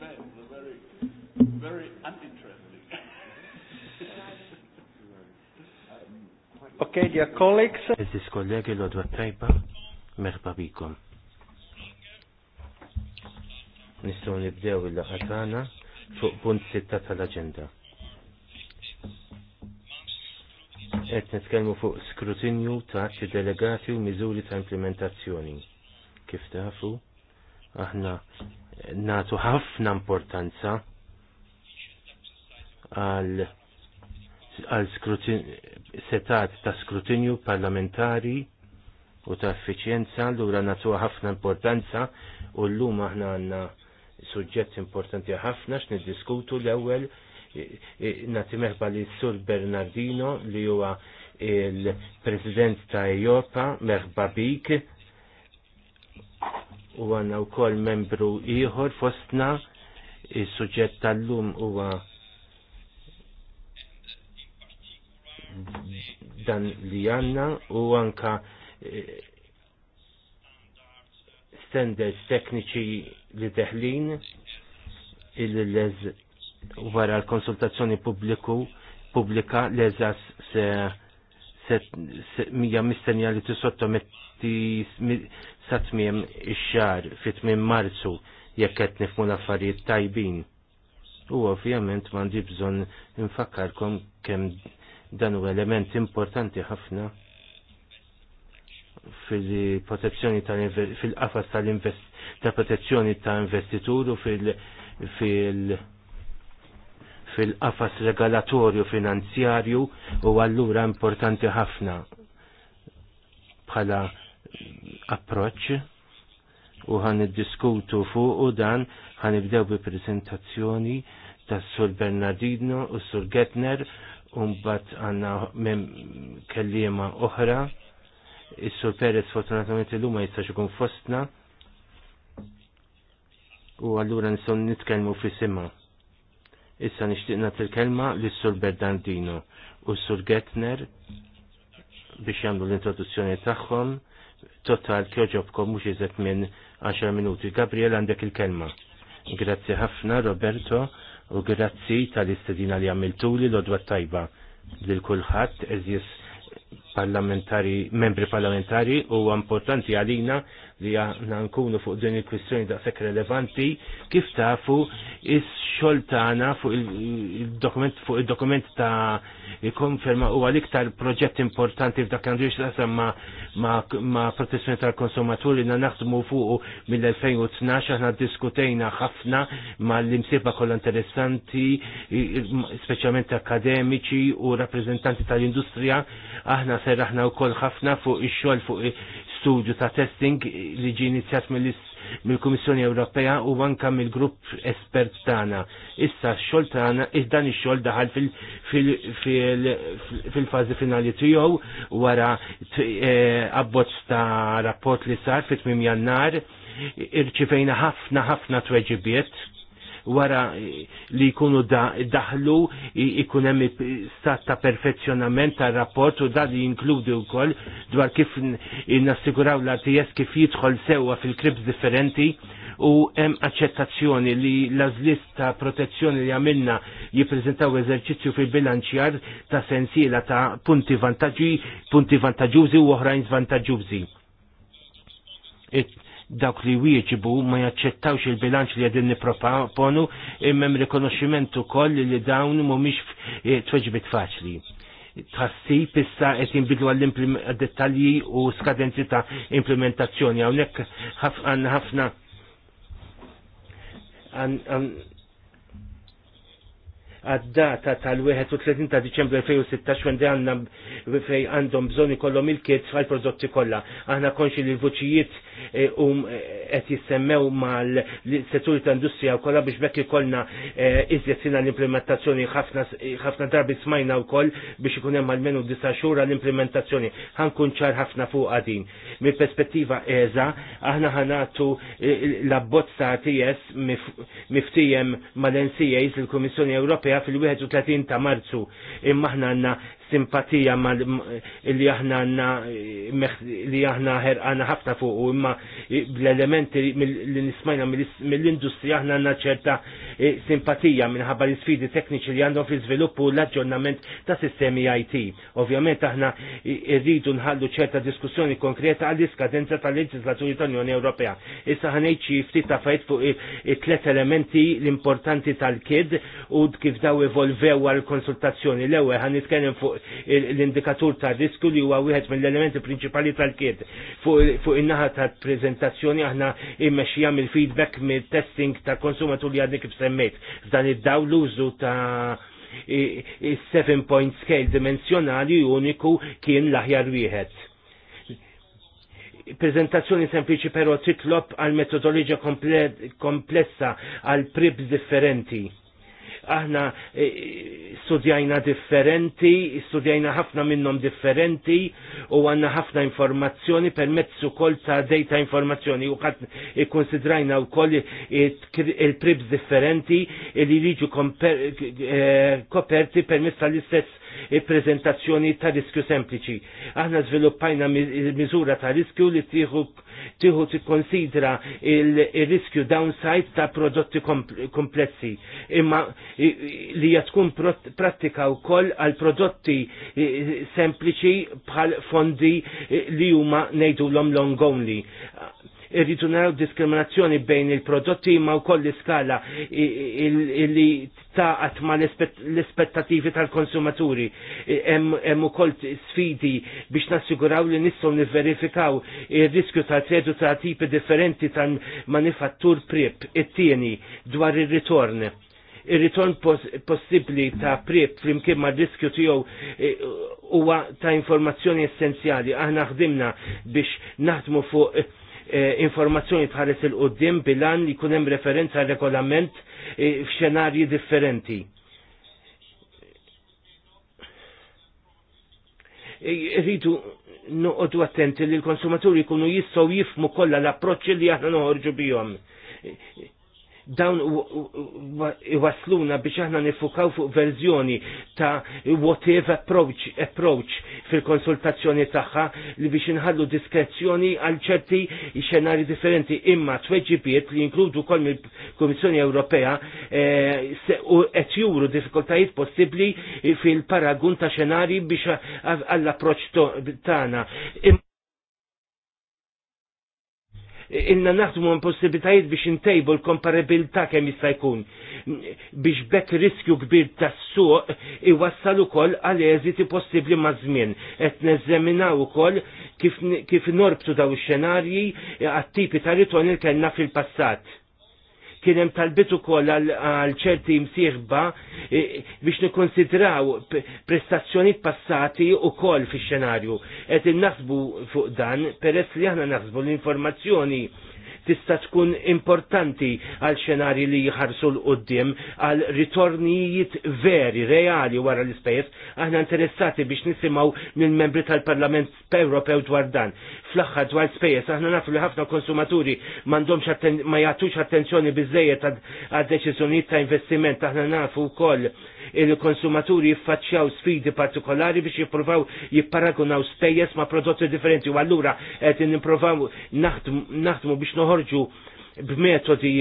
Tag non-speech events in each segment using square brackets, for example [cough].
depends. are very, very uninteresting. okay, dear colleagues. Eżis kollegi l-odwa tajba, merħba bikom. Nistaw nibdew il-laħatana fuq punt sitta tal-agenda. Et nitkellmu fuq skrutinju ta' atti delegati u miżuri ta' implementazzjoni. Kif tafu, aħna natu ħafna importanza għal għal skrutin, setat ta' skrutinju parlamentari u ta' effiċjenza l-ura natu ħafna importanza u l-lum aħna għanna suġġett importanti ħafna x'niddiskutu l-ewwel nati meħba li sur Bernardino li huwa il-President ta' Ejopa, meħba bik, u għanna u kol membru iħor fostna il-sujġet tal-lum huwa dan li għanna u anka eh, standards tekniċi li teħlin il-lez wara l-konsultazzjoni pubbliku pubblika l-eżas se mija mistenja li tisottometti sa tmiem ix-xar fit tmiem Marzu jekk qed nifmu l-affarijiet tajbin. U ovvjament m'għandi bżonn infakkarkom kemm dan u element importanti ħafna fil-protezzjoni tal-qafas tal-protezzjoni ta' investitur u fil-, fil, fil fil-qafas regalatorju finanzjarju u allura importanti ħafna bħala approċ u ħan diskutu fuq u dan għan ibdew bi prezentazzjoni tas sur Bernardino u sur Getner un bat għanna kellima oħra Is-Sur Perez fortunatamente l ma jistax ikun fostna u allura nistgħu nitkellmu fi simma. Issa nishtiqna til-kelma lis-Sur Berdandino u s-Sur Getner biex jagħmlu l-introduzzjoni tagħhom. Total kjoġobkom mhux jizet minn 10 minuti. Gabriel għandek il-kelma. Grazzi ħafna Roberto u grazzi tal-istedina li għamiltuli l-odwa tajba lil kulħadd eżis parlamentari, membri parlamentari u importanti għalina li għanna nkunu fuq din il-kwistjoni daqshekk relevanti, kif tafu is-xogħol tagħna fuq il-dokument fuq il-dokument ta' konferma huwa l-iktar proġett importanti f'dak għandu jixtaqsam ma, ma, ma protezzjoni tal-konsumaturi na naħdmu fuq mill-2012 aħna diskutejna ħafna mal imsiba kollha interessanti, speċjalment akademiċi u rappreżentanti tal-industrija, aħna serraħna wkoll ħafna fuq ix-xogħol fuq studju ta' testing li ġi inizjat mill-Kummissjoni Ewropea u anka mill-grupp espert tagħna. Issa x-xogħol tagħna dan ix-xogħol daħal fil-fażi finali tiegħu wara e, abbozz ta' rapport li sar fit tmiem Jannar irċivejna ħafna ħafna tweġibiet wara eh, li jkunu daħlu ikun hemm stat ta' perfezzjonament tar rapport u dan li jinkludi wkoll dwar kif nassiguraw l-ATS kif jidħol sewwa fil-krips differenti u hemm aċċettazzjoni li l-azlist ta' protezzjoni li għamilna jippreżentaw eżerċizzju fil-bilanċjar ta' sensiela ta' punti vantaġġi, punti vantaġġużi u oħrajn It dawk li wieġbu ma jaċċettawx il-bilanċ li għedin niproponu imem rikonoximent ukoll li dawn mhumiex eh, tweġbit faċli. Tħassib issa qed jinbidlu għall-dettalji u skadenzi ta' implementazzjoni hawnhekk ħafna ħafna għad-data tal-31 ta' Diċembru 2016 fejn għanna fej għandhom bżonn ikollhom il-kiet għal-prodotti kollha. Aħna konxi li l-vuċijiet eh, um għet eh, jissemmew mal setturi ta' industrija kolla biex bekk ikollna eh, izjessina l-implementazzjoni ħafna darbi smajna wkoll biex ikun hemm mal-menu disa' xhur għall-implementazzjoni. Ħankun ċar ħafna fuq din. Mill perspettiva eża, aħna għanatu l-abbozza TS miftijem mal-NCAs il-Kummissjoni Ewropea fija fil-31 ta' marzu imma ħna għanna simpatija ma li aħna għanna li aħna ħerqana ħafna fuq u imma l-elementi li nismajna mill-industrija aħna għanna ċerta e, simpatija minħabba l sfidi tekniċi li għandhom fil sviluppu u l-aġġornament ta' sistemi IT. Ovvjament aħna irridu nħallu ċerta diskussjoni konkreta għall-iskadenza tal-leġislaturi tal-Unjoni Ewropea. Issa ħanejt xi ftit ta' fajt fuq it-tlet elementi l-importanti tal-kid u kif daw evolvew għal konsultazzjoni l-ewwel ħan fuq l-indikatur ta' risku li huwa wieħed mill-elementi prinċipali tal kied Fuq in-naħa ta' prezentazzjoni aħna immexxija mill-feedback mill-testing ta' konsumatur li għadni kif semmejt. F'dan id-daw l-użu ta' seven point scale dimensjonali uniku kien l-aħjar wieħed prezentazzjoni sempliċi però titlob għal metodoloġija komplessa għal prib differenti aħna e, studjajna differenti, studjajna ħafna minnhom differenti u għandna ħafna informazzjoni permezz ukoll ta' data informazzjoni u konsidrajna u wkoll il-pribs differenti li liġu e, koperti permezz tal-istess il-prezentazzjoni ta' riskju sempliċi. Aħna żviluppajna miżura ta' riskju li tieħu tieħu tikkonsidra il-riskju downside ta' prodotti komplessi imma li jatkun tkun prattika wkoll għal prodotti sempliċi bħal fondi li huma ngħidulhom long only irridu naraw diskriminazzjoni bejn il-prodotti ma wkoll l-iskala li taqat ma l-ispettativi tal-konsumaturi. E, hemm ukoll sfidi biex nassiguraw li nistgħu nivverifikaw ir-riskju ta' tredu ta' tipi differenti tal-manifattur prip it-tieni dwar ir-ritorn ir-ritorn possibbli ta' prip flimkien ma' riskju tiegħu e, huwa ta' informazzjoni essenzjali. Aħna ħdimna biex naħdmu fuq Eh, informazzjoni tħares il-qoddim bilan li kunem referenza regolament eh, f'xenarji differenti. Eh, rridu noqodu attenti li l-konsumaturi kunu jistgħu jifmu kollha l-approċċi li aħna noħorġu bihom dawn iwasluna biex aħna nifukaw fuq verżjoni ta' whatever approach, approach fil-konsultazzjoni tagħha li biex inħallu diskrezzjoni għal ċerti xenari differenti imma tweġibiet li jinkludu kol mill-Kummissjoni Ewropea eh, qed juru diffikultajiet possibbli fil-paragun ta' xenari biex għall-approċċ tagħna inna naħdmu possibilitajiet biex intejbu l-komparabilità kemm jista' jkun biex bekk riskju kbir tas-suq iwassal ukoll għal eżiti possibbli ma' żmien. Qed neżeminaw ukoll kif, kif norbtu daw ix-xenarji għat-tipi ta' il kellna fil-passat kien hemm talbit ukoll għal ċerti msieħba e, biex nikkonsidraw prestazzjoni passati ukoll fix-xenarju. Qed innaħsbu fuq dan peress li aħna naħsbu l-informazzjoni tista' tkun importanti għal xenari li jħarsu l-qoddim għal ritornijiet veri, reali wara l-ispejjeż, aħna interessati biex nisimgħu mill-membri tal-Parlament Ewropew dwar dan fl-axħar dwar spejjeż aħna nafu li ħafna konsumaturi m'għandhomx ma jagħtux attenzjoni biżejjed għad deċiżjonijiet ta' investiment aħna nafu wkoll il-konsumaturi jiffaċċjaw sfidi partikolari biex jippruvaw jipparagunaw spejjeż ma' prodotti differenti u allura qed nippruvaw naħdmu biex noħorġu b'metodi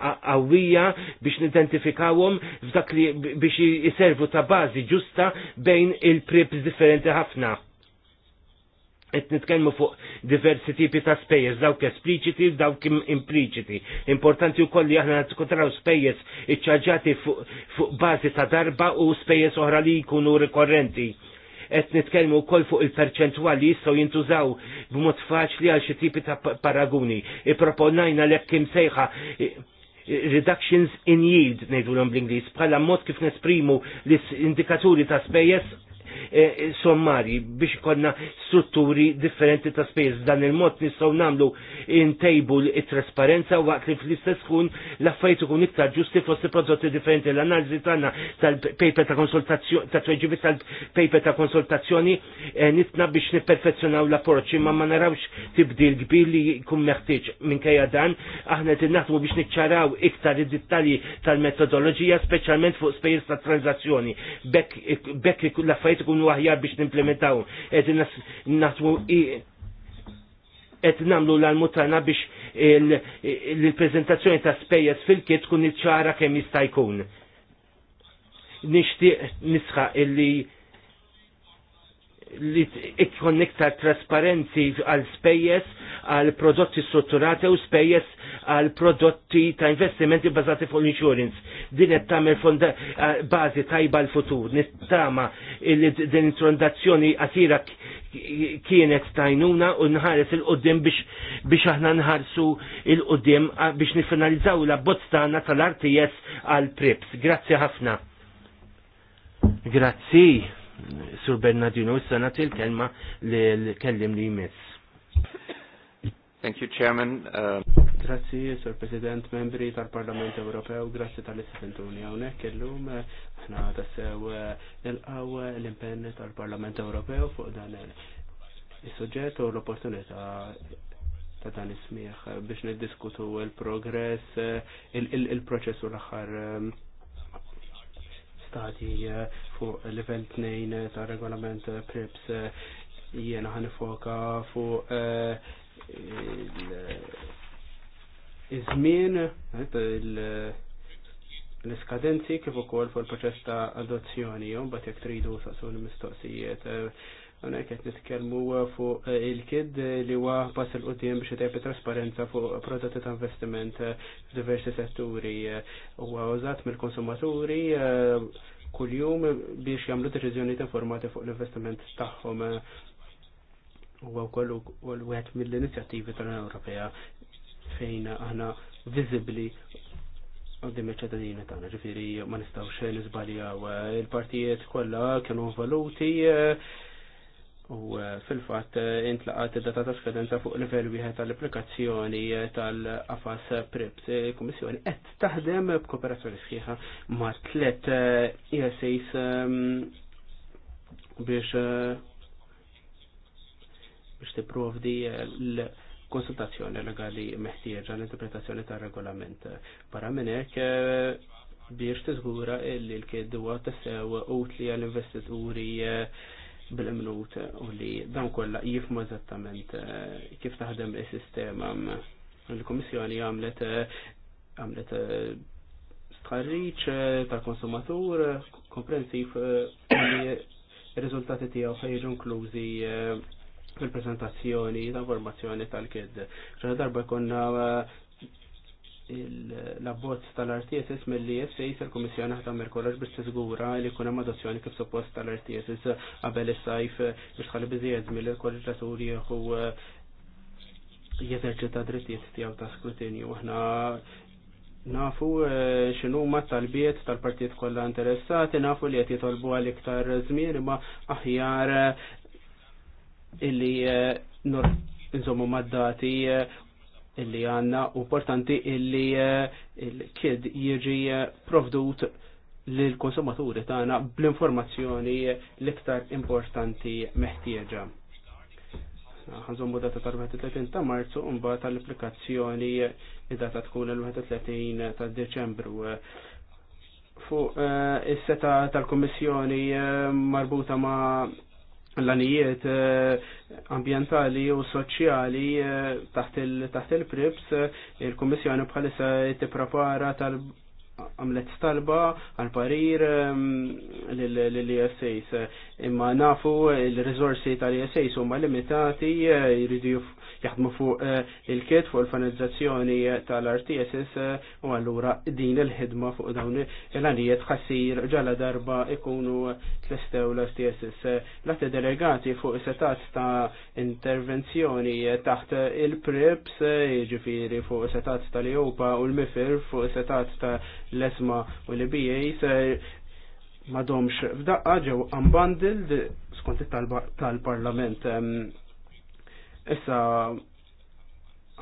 għawija biex nidentifikawhom f'dak li biex jiservu ta' bażi ġusta bejn il-prips differenti ħafna qed nitkellmu fuq diversi tipi ta' spejjeż dawk espliċiti dawk impliċiti. Importanti wkoll li aħna nitkutraw spejjeż iċċaġġati fuq bażi ta' darba u spejjeż oħra li jkunu rikorrenti. Qed nitkellmu wkoll fuq il-perċentwali jistgħu jintużaw b'mod faċli għal xi tipi ta' paraguni. Ipproponajna l kim sejħa reductions in yield ngħidulhom bl-Ingliż bħala mod kif nesprimu l-indikaturi ta' spejjeż E, e, sommari biex konna strutturi differenti ta' spejjeż. Dan il-mod nistgħu nagħmlu intejbu it-trasparenza waqt li fl-istess kun l-affarijiet ikun iktar ġusti fossi prodotti differenti l-analiżi tagħna tal-paper ta' konsultazzjoni ta' tweġibi tal-paper ta' konsultazzjoni e, nitna biex nipperfezzjonaw l-approċċ imma ma narawx tibdil kbir li jkun meħtieġ minkejja dan aħna qed naħdmu biex niċċaraw iktar id-dettalji tal-metodoloġija speċjalment fuq spejjeż ta' tranzazzjoni. Bekk l nkunu aħjar biex nimplementaw. Qed naħdmu qed nagħmlu l mutana biex l-preżentazzjoni ta' spejjeż fil-kit tkun iċċara kemm jista' jkun. Nixtieq nisħaq illi li ikkon iktar trasparenzi għal spejjes għal prodotti strutturati u spejjes għal prodotti ta' investimenti bazati fuq insurance. Din qed tagħmel eh, bażi tajba l futur Nittama li din introdazzjoni qasira kienet tajnuna u nħares il qudiem biex aħna nħarsu il qudiem biex nifinalizzaw la bozzana tal-RTS għal prips. Grazzi ħafna. Grazzi. Sur Bernardino, issa nagħti l-kelma li kellim li jmiss. Thank you, Chairman. Grazzi, Sir President, membri tal-Parlament Ewropew, grazzi tal istituzjoni hawnhekk illum aħna tassew eh, nilqaw l-impenn tal-Parlament Ewropew fuq dan il-suġġett u l-opportunità ta' dan ismieħ biex niddiskutu il-progress, eh, il-proċess u l-aħħar eh, stati eh, fuq level 2 ta' regolament eh, PRIPS eh, jiena ħanifoka fuq iż-żmien l-iskadenzi kif ukoll fuq il-proċess ta' adozzjoni, u mbagħad jekk tridu saqsu l-mistoqsijiet għana qed nitkellmu fuq il-kid li huwa pass il qoddim biex jtajb trasparenza fuq prodotti ta' investiment f'diversi setturi huwa għazat mill-konsumaturi eh, kuljum biex jagħmlu deċiżjonijiet informati fuq l-investiment tagħhom huwa wkoll wieħed mill-inizjattivi tal-Unjoni Ewropea fejn aħna viżibbli għoddim il ċadadini tagħna, ġifieri ma nistgħux nisbaljaw il-partijiet kollha kienu valuti eh, U eh, fil-fatt eh, intlaqat id-data ta' skadenza fuq livell wieħed tal-applikazzjoni eh, tal-AFAS PRIPS. Il-Kummissjoni qed taħdem b'kooperazzjoni sħiħa ma' tliet ESAs e ehm, biex biex tipprovdi l-konsultazzjoni legali meħtieġa l-interpretazzjoni tar-regolament. Barra minn hekk biex tiżgura li l-kedwa tassew utli għall-investituri bil-imnut u li dan kollha jifmu eżattament eh, kif taħdem is-sistema. l kummissjoni għamlet eh, għamlet eh, stħarriċ tal-konsumatur komprensiv li r-riżultati tiegħu ħejġu inklużi fil-prezentazzjoni ta' informazzjoni tal-kid. ċara darba konna l-abbozz tal-RTSS mill-li jessejs il-Komissjoni ħata merkolax biex tiżgura li kun hemm adozzjoni kif suppost tal-RTSS qabel is-sajf biex tħalli biżjed mill-kolleġaturi jieħu eh, jeżerċita drittijiet tiegħu ta' skrutinju. Aħna nafu eh, xinu ma talbiet tal-partijiet kollha interessati, nafu li qed jitolbu għal iktar żmien imma aħjar eh, illi insomma maddati illi għanna u portanti illi eh, il-kid jieġi eh, provdut l-konsumaturi tagħna bl-informazzjoni l-iktar importanti meħtieġa. Ħanżommu data tal-31 ta' Marzu mbagħad tal-applikazzjoni id-data tkun il-31 ta' Deċembru. Fuq eh, is-seta tal-Kummissjoni marbuta ma' l-anijiet eh, ambientali u soċjali eh, taħt il-prips, eh, il-Kommissjoni bħalissa t-prepara tal għamlet stalba għal parir ehm, l-ISAs. E Imma nafu l-rizorsi tal-ISAs huma limitati, eh, jridu jaħdmu fuq eh, il-kit fuq il-fanizzazzjoni tal-RTSS eh, u allura din il-ħidma fuq dawn il-għanijiet ħassir ġala darba ikunu tlestew l-RTSS. Lati delegati fuq setat ta' intervenzjoni taħt il-PRIPS, ġifiri fuq setat tal-Jopa u l-MIFIR fuq setat ta' l-esma u l-BA madomx f'daqqa ġew unbundled skont tal-parlament. Issa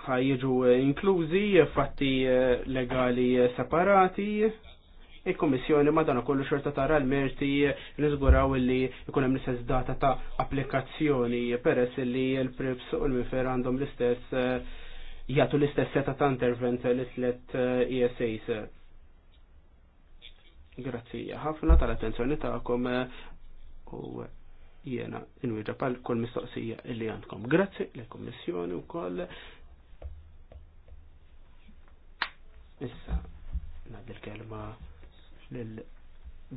ħajġu inklużi fatti eh, legali separati il-Komissjoni madana kollu xorta tara l-merti nizguraw li jkun hemm l-istess data ta' applikazzjoni peress li l-prips u l-mifer għandhom l-istess eh, jagħtu l-istess seta ta' intervent l-islet ESAs eh, e Grazzija ħafna tal-attenzjoni tagħkom eh, u jiena inwieġa pal kull mistoqsija illi għandkom. Grazzi l-Kommissjoni wkoll. Issa nad l-kelma lil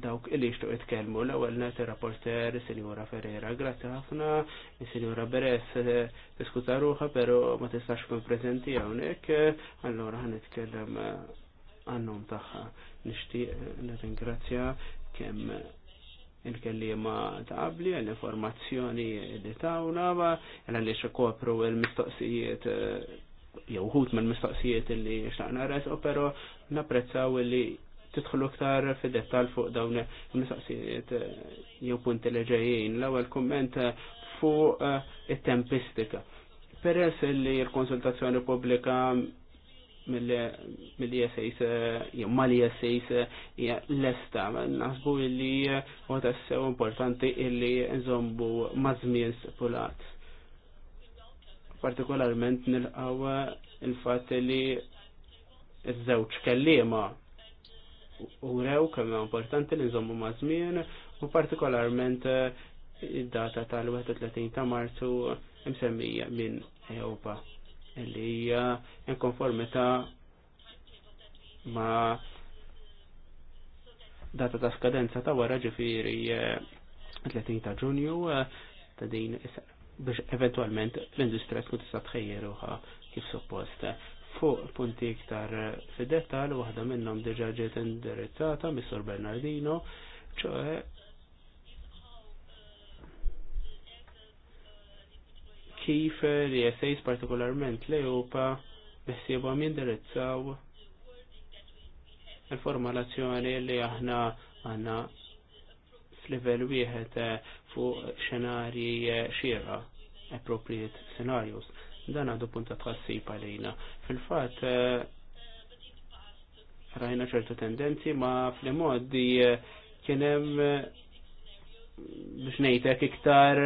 dawk illi jishtuq jitkellmu l-ewwel net ir-rapporter signora Ferreira. Grazzi ħafna, signora Beres eh, diskuta ruha, pero ma tistax kun preżenti hawnhekk, allura ħanitkellem eh, għannum taħħa. Nishtiq eh, nir-ringrazzja kemm il-kellima ta' qabli, l-informazzjoni li tawna, għalli xekopru il-mistoqsijiet eh, jew ħut mill mistoqsijiet li xtaqna res, pero napprezzaw li tidħlu ktar fi dettal fuq dawn il-mistoqsijiet eh, jew punti li ġejjin. L-ewwel kumment fuq it-tempistika. Peress li l-konsultazzjoni pubblika mill-ESAs, mal-li esas l-esta, nasbu illi u tassew importanti illi nżombu mażmien sepulat. Partikolarment nilqaw il-fat li iż-żewġ kellima u rew kemm importanti li nżommu mażmien u partikolarment id-data tal-31 ta' Marzu msemmija minn Ewpa li hija inkonformità ma data ta' skadenza ta' wara ġifiri 30 eh, ta' ġunju eh, ta' din biex eventualment l-industrija tkun tista' uħa kif suppost. Fuq punti iktar eh, fid-dettal waħda minnhom diġà ġiet indirizzata mis-Sur Bernardino, ċoħe kif li essays partikolarment l-Ejopa bessibom jindirizzaw il-formulazzjoni li aħna għanna s-level wieħed eh, fuq xenarji eh, xira, eh, appropriate scenarios. Dan għadu punta tħassib palina. Fil-fat, rajna ċertu tendenzi, ma fl-moddi kienem biex nejtek iktar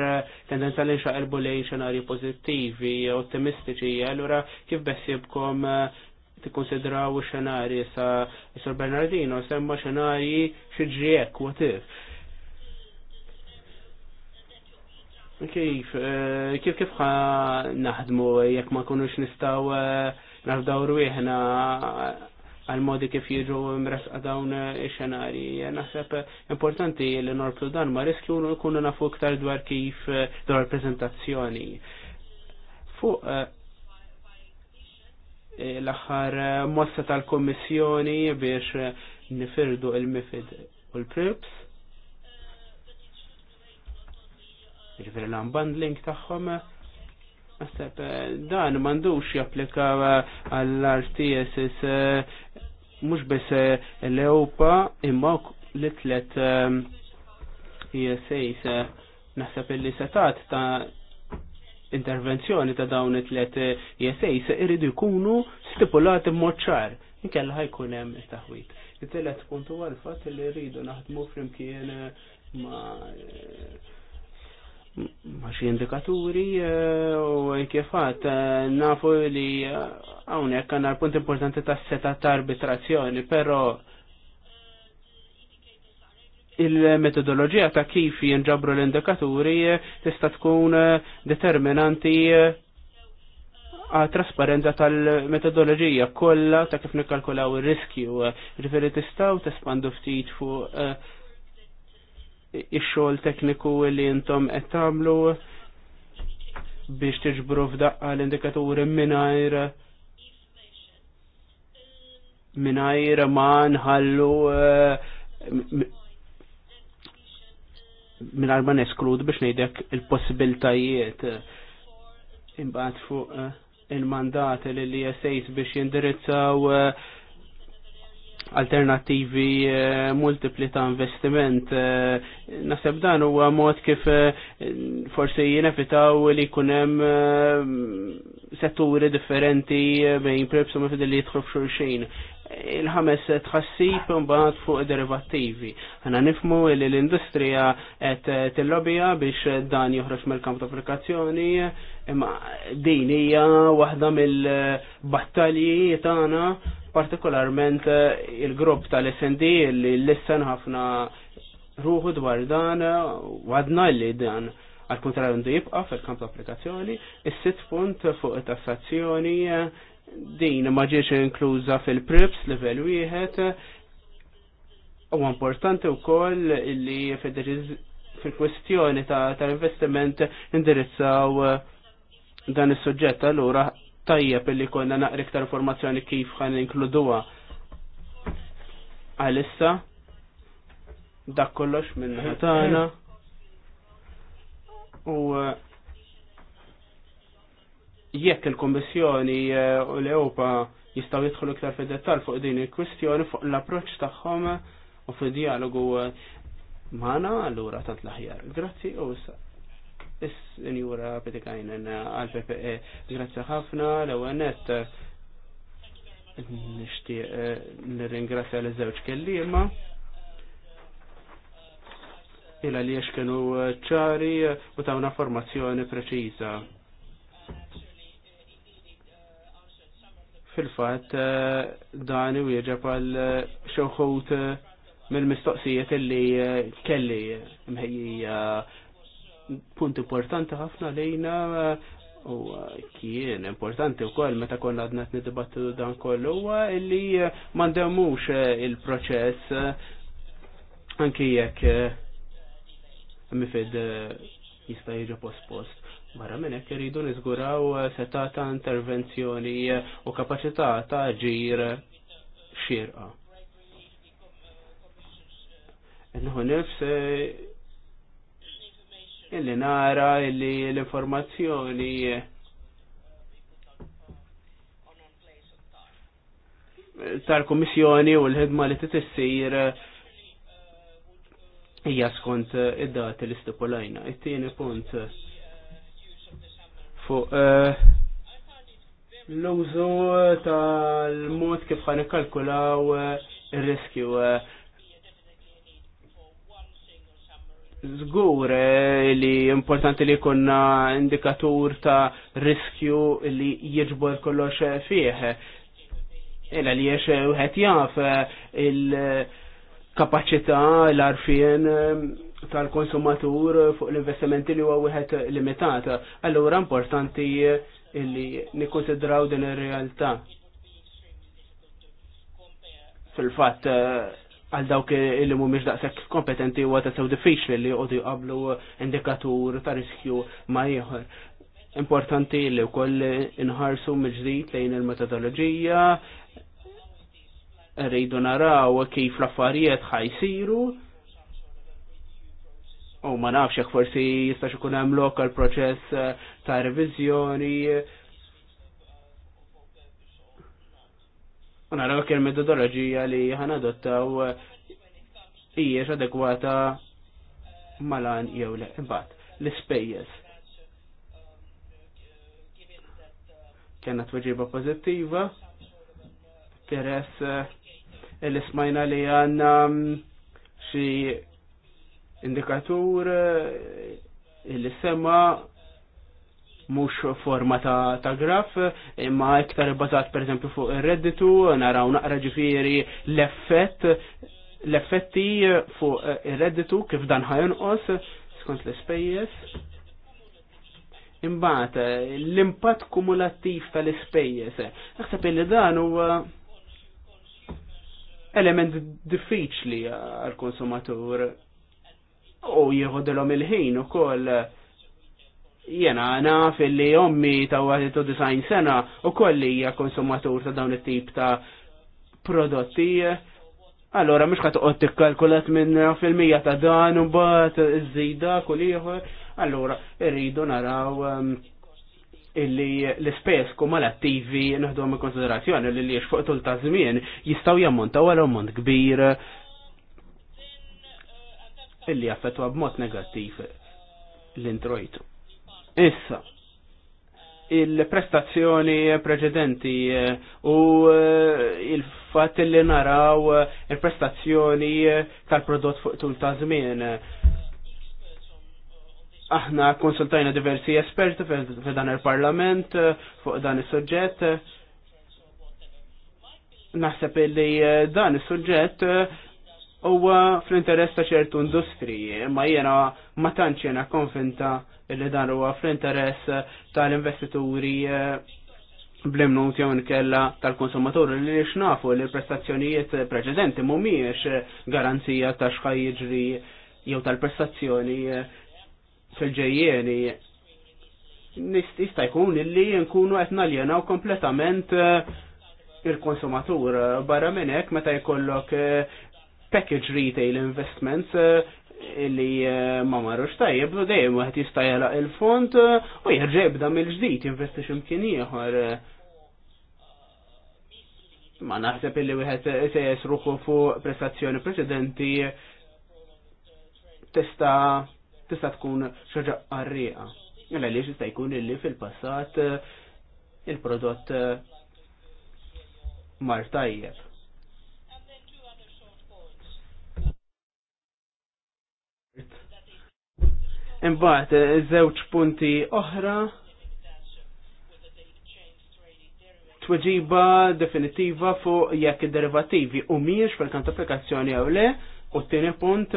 tendenza li nxaqelbu lejn xenarji pozittivi, ottimistiċi, allura kif bessibkom eh, tikkonsidraw xenarji sa Sir Bernardino, semma xenarji xieġiek, what if? Kif, eh, kif kif xa naħdmu jekk ma kunux nistaw eh, nafdawru jihna għal-modi kif jiġu mresqa dawn il-xenari. Naħseb importanti li norplu dan ma riskju kunu nafu ktar dwar kif eh, dwar prezentazzjoni. Fuq eh, eh, l-axar mossa tal komissjoni biex nifirdu il-MIFID u l-PRIPS. Ġifir l-unbundling taħħom. Naħseb dan mandux japplika għall-RTSS mhux biss eh, l-Ewpa imma li tlet se ehm, eh, naħseb illi setat ta' intervenzjoni ta' dawn it-tlet se eh, iridu jkunu stipulati moċar Inkella ħajkun hemm taħwit. it tlet punt huwa l-fatt li rridu naħdmu flimkien ma' ma xi indikaturi eh, u kif kifat eh, nafu li eh, hawnhekk għandna l-punt importanti tas-seta ta' arbitrazzjoni, però il-metodoloġija ta' kif jinġabru l-indikaturi tista' tkun determinanti għal trasparenza tal-metodoloġija kollha ta' kif nikkalkulaw ir-riskju. Ġifieri tistgħu tespandu ftit fuq ix-xogħol tekniku li intom qed tagħmlu biex tiġbru f'daqqa l-indikaturi mingħajr mingħajr ma nħallu eh, mingħajr ma nesklud biex ngħidek il-possibiltajiet imbagħad fuq eh, il-mandat li li jasejs biex jindirizzaw uh, alternativi eh, multipli ta' investiment. Eh, Naseb dan huwa mod kif eh, forsi jinefitaw li kunem setturi differenti bejn prebsu ma fidel li jidħlu xurxin. Il-ħames tħassib mbagħad fuq derivattivi. Għana nifmu li l-industrija qed tillobija biex dan joħroġ mill-kamp ta' applikazzjoni imma din hija waħda mill-battalji tagħna partikolarment eh, il-grupp tal-SND li l-lissan ħafna ruħu dwar dan eh, għadna li dan għal kontrarju ndu jibqa fil-kamp ta' applikazzjoni, il sitt punt fuq tassazzjoni eh, din ma inkluza inkluża fil-prips level wieħed u importanti wkoll li fil-kwestjoni ta' investiment indirizzaw dan is-suġġett allura tajjeb illi konna naqri iktar informazzjoni kif ħan inkluduha. Għalissa, dak kollox minn ħatana. U eh, jekk il-Kommissjoni eh, u l-Ewpa jistaw jidħlu iktar fid dettal fuq din il-kwistjoni fuq l-approċ tagħhom u fid dialogu eh, Mana allura tant l-aħjar. Grazzi u issa Is-senjura Petikajnen għal-PPE. Eh, Grazzi ħafna l-għanet eh, nishtiq eh, nirringrazzja l żewġ kellima. Ila li kienu ċari u tawna formazzjoni preċiża. Fil-fat dan u jieġab għal xewħut mill-mistoqsijiet illi kelli mħejjija punt importanti ħafna lejna u uh, kien importanti u koll meta konna għadna t-nidibattu dan kollu u uh, illi uh, mandemux il-proċess anki jekk mifid jista' jiġi post-post. Barra minn hekk iridu niżguraw setata intervenzjoni u kapaċità ta' ġir xirqa. Nħu nifs illi nara illi l-informazzjoni tal-Komissjoni u l-ħidma li titissir hija skont id-dati li stipulajna. It-tieni punt fuq eh, l-użu tal-mod kif ħanikkalkulaw ir-riskju eh, Zgur eh, li importanti li konna indikatur ta' riskju li jiġbor kollox fieħ. Ela li jiex uħet jaf eh, il kapacita l-arfien eh, tal-konsumatur fuq l-investimenti li huwa wieħed limitata. Allura importanti li nikkonsidraw din ir-realtà. Fil-fatt għal dawk li mhumiex daqshekk kompetenti huwa ta' sew diffiċli li jqogħdu jqablu indikatur ta' riskju ma' ieħor. Importanti li wkoll inħarsu mill-ġdid lejn il-metodoloġija, rridu naraw kif l-affarijiet ħajsiru. U ma nafx jekk forsi jistax ikun hemm lokal proċess ta' reviżjoni u naraw kien metodoloġija li adottaw hijiex adekwata malan jew le. Imbat, l-ispejjeż. t tweġiba pożittiva peress eh, l ismajna li għanna mm, xi indikatur eh, li sema mhux forma ta', ta graf, imma iktar per esempio fuq ir-redditu, naraw naqra ġifieri l-effett l-effetti fuq ir-redditu kif dan ħajonqos skont l-ispejjeż. Imbagħad l-impatt kumulattiv tal-ispejjeż. Naħseb li dan huwa element diffiċli għal-konsumatur u jieħodilhom il-ħin ukoll jena naf li ommi ta' għaditu design sena u kolli hija konsumatur ta' dawn it-tip ta' prodotti. Allora, mux għat uqt tikkalkulat minn fil-mija ta' dan u bat iż-żida kull Allora, irridu naraw um, illi l-ispess kumulattivi naħduhom in konsiderazzjoni li li fuq tul ta' żmien jistgħu jammontaw għal ammont kbir illi jaffettwa b'mod negattiv l-introjtu. Issa, il-prestazzjoni preċedenti eh, u eh, il-fat li naraw eh, il-prestazzjoni tal-prodott fuq tul ta' żmien. Aħna konsultajna diversi esperti f'dan il-Parlament fuq dan is-suġġett. Naħseb li dan is-suġġett huwa fl-interess ta' ċertu industriji, ma jiena ma tantx jena konvinta illi dan huwa fl-interess tal-investituri eh, bl-imnut jew nkella tal-konsumatur li xnafu li prestazzjonijiet preċedenti mhumiex eh, garanzija ta' x'ħaj jiġri jew tal-prestazzjoni eh, fil-ġejjeni. Nista' jkun illi nkunu qed naljenaw kompletament il-konsumatur barra minn hekk meta jkollok package retail investments illi eh, ma marrux tajjeb, u dejjem wieħed jista' jalaq il-font eh, u jerġa' jibda mill-ġdid jinvesti x'imkien ieħor. Eh. Ma naħseb illi wieħed se jesruħu fuq prestazzjoni preċedenti tista' tista' tkun xaġa qarrieqa. Mela li jista' jkun illi fil-passat il-prodott mar tajjeb. Imbagħad eh, żewġ punti oħra tweġiba definitiva fuq jekk id-derivativi u mhijiex fil-kant applikazzjoni jew le u t-tieni punt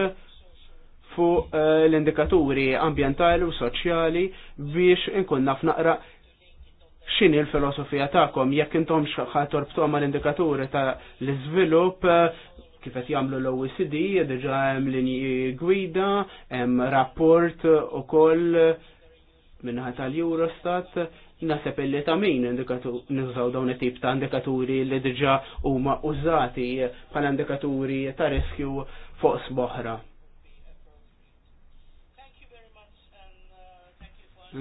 fuq eh, l-indikaturi ambjentali u soċjali biex inkun naf naqra x'inhi l-filosofija tagħkom jekk intom xaħat torbtuha mal-indikaturi ta' l-iżvilupp eh, kifet jamlu l-OECD, deġa jem linji gwida, jem rapport u koll minna tal-Eurostat, nasab illi ta' min nizzaw dawn tip ta' indikaturi li diġa huma użati pal indikaturi ta' riskju fuq sboħra.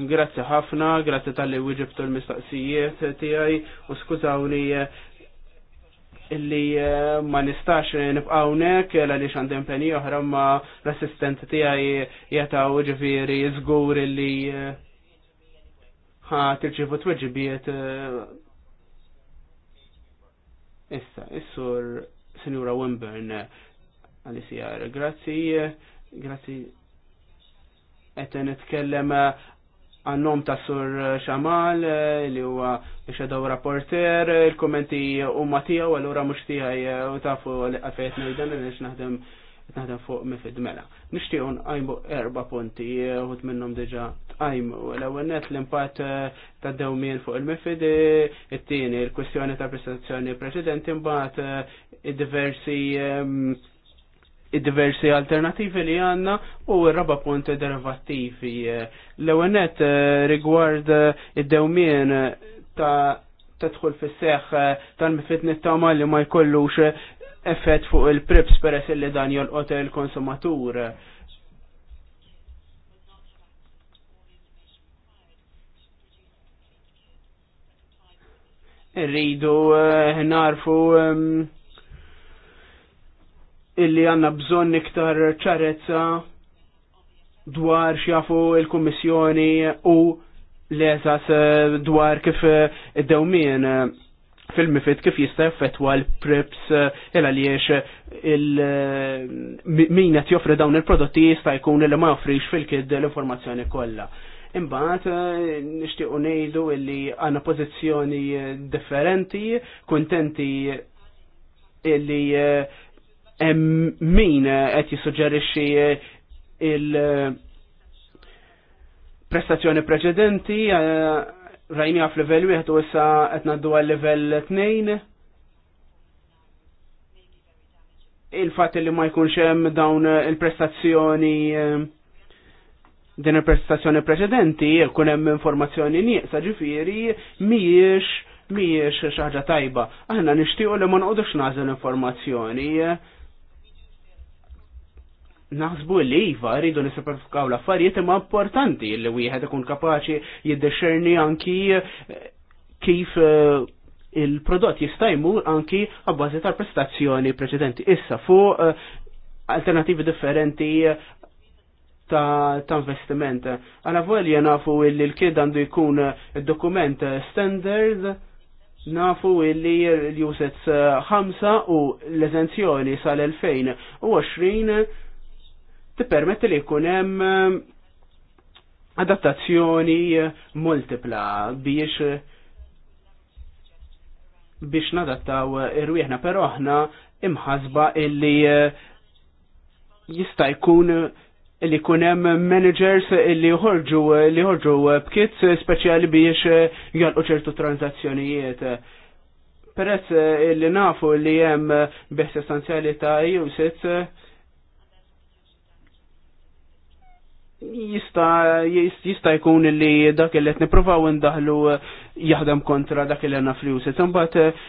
Grazie ħafna, grazie tal-li wieġibtu l-mistaqsijiet tiegħi u skużawni illi eh, ma nistax nibqa' hawnhekk għaliex għandi impenji oħra ma l-assistent tiegħi jetaw ġifieri żgur illi eh, ħa tirċivu tweġibiet eh, issa, issur Sinjura Wimburn għal-ICR. Grazzi, grazzi qed nitkellem għannom ta' sur xamal eh, li huwa xedaw rapporter, il-kommenti umma u għallura mux tijaj eh, u tafu li għafet nejdan li naħdem naħdem fuq mifid mela. Nishtiju nqajmu erba punti eh, uħut minnom diġa tqajmu. L-għennet l-impat ta' dewmien fuq il-mifid, it-tini, il-kwestjoni ta' prestazzjoni preċedenti, imbat diversi ehm, id-diversi alternativi li għanna u raba punti derivativi. L-ewenet eh, rigward eh, id-dewmien eh, ta' tadħul fis seħħ tal-mifitni tama li ma jkollux effett fuq il-prips peress li dan jolqot il-konsumatur. Rridu narfu ehm, illi għanna bżon iktar ċarezza dwar xjafu il-Kommissjoni u l eżas eh, dwar kif id-dewmien eh, eh, fil-mifid kif jista' jaffetwa l-prips il-għaliex il-min qed joffri dawn il-prodotti jista' jkun li ma joffrix fil-kid l-informazzjoni kollha. Imbagħad nixtiequ ngħidu li għandna pożizzjoni differenti, kuntenti illi min eh, qed jissuġġerixxi eh, il-prestazzjoni eh, preċedenti rajnija f'level wieħed u issa qed ngħaddu għal level tnejn. Il-fatt li ma jkunx hemm dawn il-prestazzjoni din il-prestazzjoni preċedenti jkun hemm informazzjoni nieqsa ġifieri mhijiex mhijiex xi ħaġa tajba. Aħna nixtiequ li ma nqogħdux nażel informazzjoni naħsbu li iva rridu nisimplifikaw l-affarijiet imma importanti li wieħed ikun kapaċi jiddexxerni anki eh, kif eh, il-prodott jista' jmur anki għabbażi tal-prestazzjoni preċedenti. Issa fuq eh, alternativi differenti ta', ta investiment. Għala volja nafu illi l-kid għandu jkun dokument standard, nafu illi l-usets 5 u l-ezenzjoni sal-2020 tippermetti li jkun hemm eh, adattazzjoni eh, multipla biex biex nadattaw irwieħna, però aħna imħasba illi eh, jista' jkun li kunem managers illi ħorġu li ħorġu b'kits speċjali biex jalqu ċertu transazzjonijiet. Perez li nafu li hemm beħ sostanzjali ta' usits jista jista jkun li dak li qed nippruvaw indaħlu eh, jaħdem kontra dak li għandna flius. Imbagħad eh,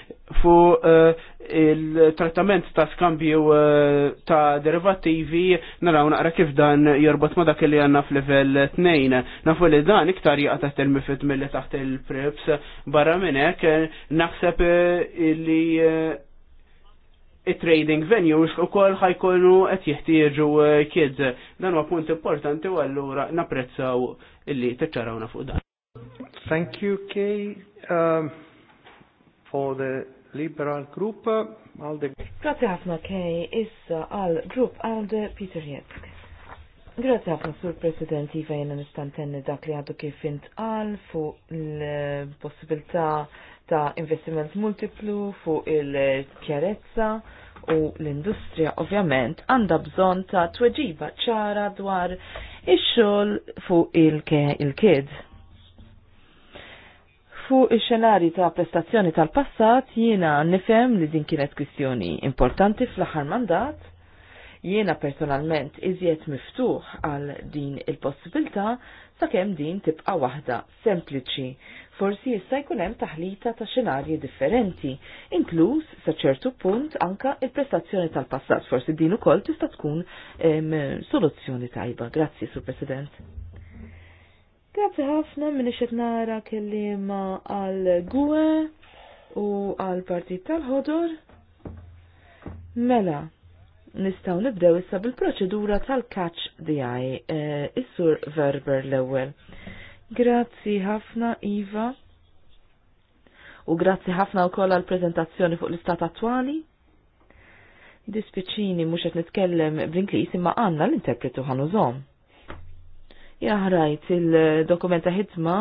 fu eh, il-trattament ta' skambju ta' derivattivi naraw naqra kif dan jorbot ma' dak li għandna f'level 2. Nafu li dan iktar jaqa' taħt il-mifid milli taħt il-preps barra minn hekk naħseb li trading venues u kol ħajkonu għet jeħtieġu eh, kids. Dan huwa punt importanti u għallura naprezzaw illi tiċċarawna fuq dan. Thank you, Kay, um, for the Liberal Group. Uh, Grazie ħafna, Kay. Issa għal grupp Alde Peter Jetzk. Grazie ħafna, Sur President, Iva jena nistantenni dak li għadu kif int għal fuq l possibilta ta' investiment multiplu fuq il-ċerezza u l-industrija ovvjament għandha bżonn ta' tweġiba ċara dwar ix-xogħol fuq il-kid. Fu ix-xenari ta' prestazzjoni tal-passat jiena nifhem li din kienet kwistjoni importanti fl-aħħar mandat jiena personalment iżjed miftuħ għal din il-possibilità sakemm din tibqa' waħda sempliċi forsi jista' jkun hemm taħlita ta' xenarji differenti, inkluż sa ċertu punt anka il-prestazzjoni tal-passat forsi din ukoll tista' tkun soluzzjoni tajba. Grazzi, Sur President. Grazzi ħafna minn ixet nara ma' għal gwe u għal partit tal ħodur Mela, nistaw nibdew issa bil-proċedura tal-catch DI, eye, eh, is-sur Verber l-ewwel. Grazzi ħafna, Iva. U grazzi ħafna u koll għal-prezentazzjoni fuq l-istat attwali. Dispiċini mux qed nitkellem bl-Ingliż imma għandna l-interpretu ħanużom. Jaħrajt il-dokumenta ħidma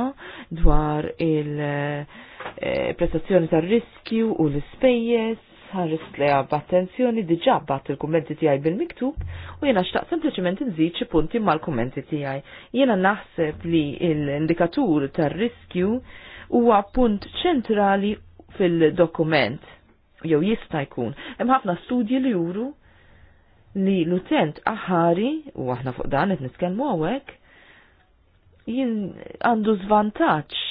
dwar il-prestazzjoni eh, tar-riskju u l-ispejjeż sħarist leja b'attenzjoni diġa bat il-kommenti tijaj bil-miktub u jena xtaq sempliciment nżid xi punti mal-kommenti tijaj. Jena naħseb li l-indikatur tar-riskju huwa punt ċentrali fil-dokument jew jista' jkun. Hemm ħafna studji li juru li l-utent aħari u aħna fuq dan qed nitkellmu hawnhekk jien għandu zvantaċ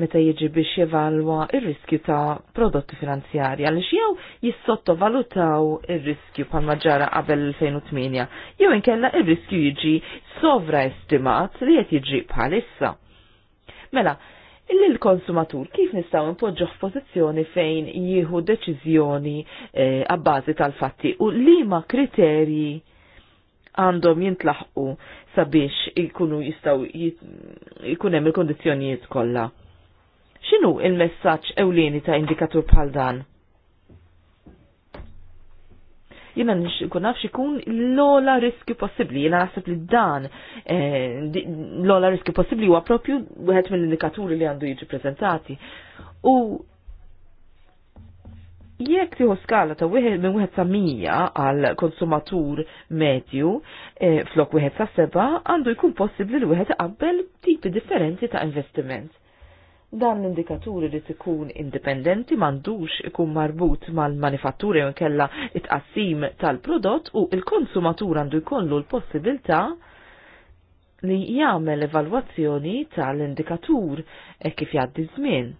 meta jiġi biex jevalwa ir-riskju ta' prodotti finanzjarji għaliex jew jissottovalutaw ir-riskju pal maġġara qabel 2008 jew inkella ir-riskju jiġi sovraestimat li qed jiġi bħalissa. Mela, lil konsumatur kif nistgħu npoġġu f'pożizzjoni fejn jieħu deċiżjoni eh, għabbażi tal-fatti u liema kriterji għandhom jintlaħqu sabiex ikunu jistaw hemm il kundizzjonijiet kollha. X'inhu il-messaġġ ewlieni ta' indikatur bħal dan? jina nkun nafx ikun l-ola riski possibli, jina naħseb li dan eh, l-ola riski possibli huwa propju wieħed mill-indikaturi li għandu jiġi prezentati. U jekk tieħu skala ta' wieħed minn wieħed sa' mija għal konsumatur medju eh, flok wieħed sa' seba' għandu jkun possibbli li wieħed qabel tipi differenti ta' investiment. Dan l-indikaturi li ikun indipendenti mandux ikun marbut mal-manifatturi u kella it-qassim tal-prodott u il-konsumatur għandu jkollu l-possibilta li jagħmel evalwazzjoni tal-indikatur e kif jgħaddi żmien.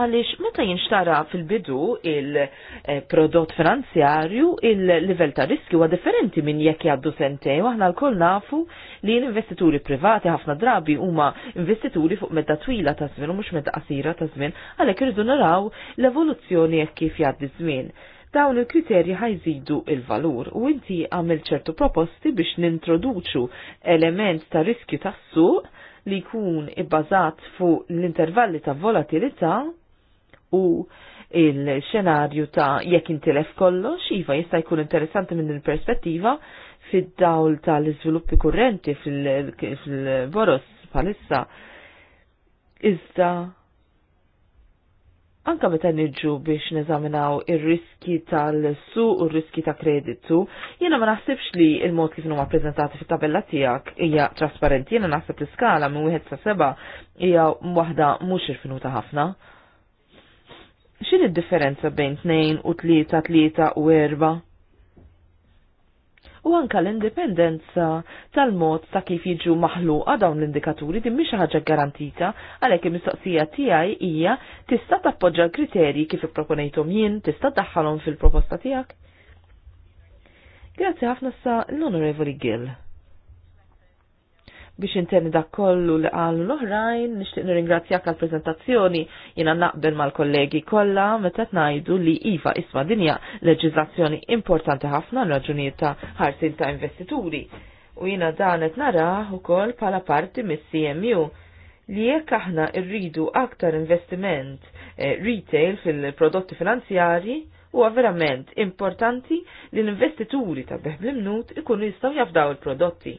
Għalix, meta jinxtara fil-bidu il-prodott finanzjarju, il-level ta' riski huwa differenti minn jekk jgħaddu sentej, u aħna l-koll nafu li l-investituri privati ħafna drabi huma investituri fuq medda twila ta' żmien u mhux medda qasira ta' żmien, għalhekk irridu naraw l-evoluzzjoni jekk kif jgħaddi żmien dawn il-kriterji ħajżidu il-valur u inti għamil ċertu proposti biex nintroduċu element ta' riskju tas suq li jkun ibbażat fuq l-intervalli ta' volatilità u il-xenarju ta' jekk intilef kollox, iva jista' jkun interessanti minn il-perspettiva fid-dawl tal-iżviluppi kurrenti fil-boros bħalissa. Iżda anka meta niġu biex neżaminaw ir-riski tal-su u r-riski ta' kreditu, jiena ma naħsibx li il-mod kif huma ppreżentati fit-tabella tiegħek hija trasparenti, jiena naħseb l-iskala minn wieħed sa' seba' hija waħda mhux irfinuta ħafna. X'in id-differenza bejn 2 u 3, 3 u 4? U anka l-indipendenza tal-mod ta' kif jiġu maħluqa dawn l-indikaturi din mhix ħaġa garantita għalhekk il-mistoqsija tiegħi hija tista' tappoġġa l-kriterji kif ipproponejthom jien, tista' tdaħħalhom fil-proposta tiegħek? Grazzi ħafna sa l-Onorevoli Gill biex intenni dak kollu li għallu l-oħrajn, nishtiq nirringrazzjak għal prezentazzjoni jina naqbel mal-kollegi kollha meta ngħidu li iva isma' dinja leġiżlazzjoni importanti ħafna raġunijiet ta' ħarsin ta' investituri. U jina dan qed u ukoll bħala parti mis-CMU li jekk aħna rridu aktar investiment eh, retail fil-prodotti finanzjari, huwa verament importanti li l-investituri ta' beħblimnut ikunu jistgħu jafdaw il-prodotti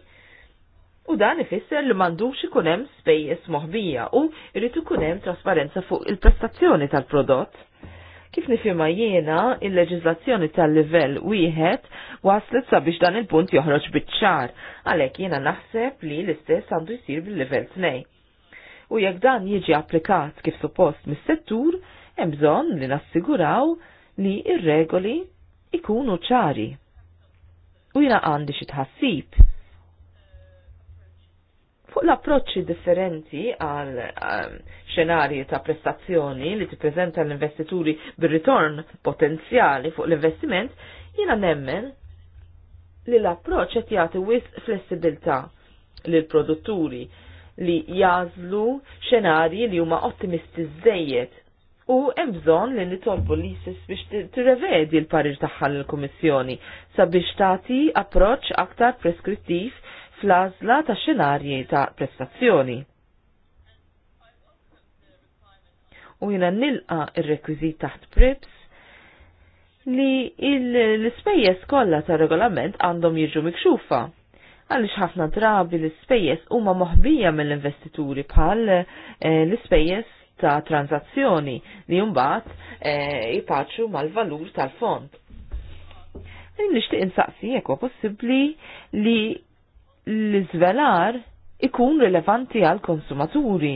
U dan ifisser li mandux ikun hemm spejjeż moħbija u jrid ikun hemm trasparenza fuq il-prestazzjoni tal-prodott. Kif nifhimha jiena, il leġizlazzjoni tal-livell wieħed waslet sabiex dan il-punt joħroġ biċ-ċar, għalhekk jiena naħseb li l-istess għandu jsir bil-livell tnej. U jekk dan jiġi applikat kif suppost mis-settur, hemm bżonn li nassiguraw li ir-regoli ikunu ċari. U jiena għandi xi tħassib fuq l-approċċi differenti għal xenarji ta' prestazzjoni li tippreżenta l-investituri bir-ritorn potenzjali fuq l-investiment, jiena nemmen li l-approċċ qed jagħti wisq flessibilità lil produtturi li jażlu xenarji li huma ottimisti żejjed u hemm bżonn li nitolbu l-ISIS biex tirrevedi l-parir tagħha l-Kummissjoni sabiex tagħti approċċ aktar preskrittiv fl-azla ta' xinarji ta' prestazzjoni. U jina nilqa il-rekwizit taħt prips li l-spejjes kollha ta' regolament għandhom jiġu mikxufa. Għalix ħafna drabi l-spejjes huma moħbija mill-investituri bħal eh, l-spejjes ta' tranzazzjoni li jumbat eh, jipaċu mal-valur tal-fond. Nishtiq insaqsi jekk possibbli li l-izvelar ikun rilevanti għal konsumaturi.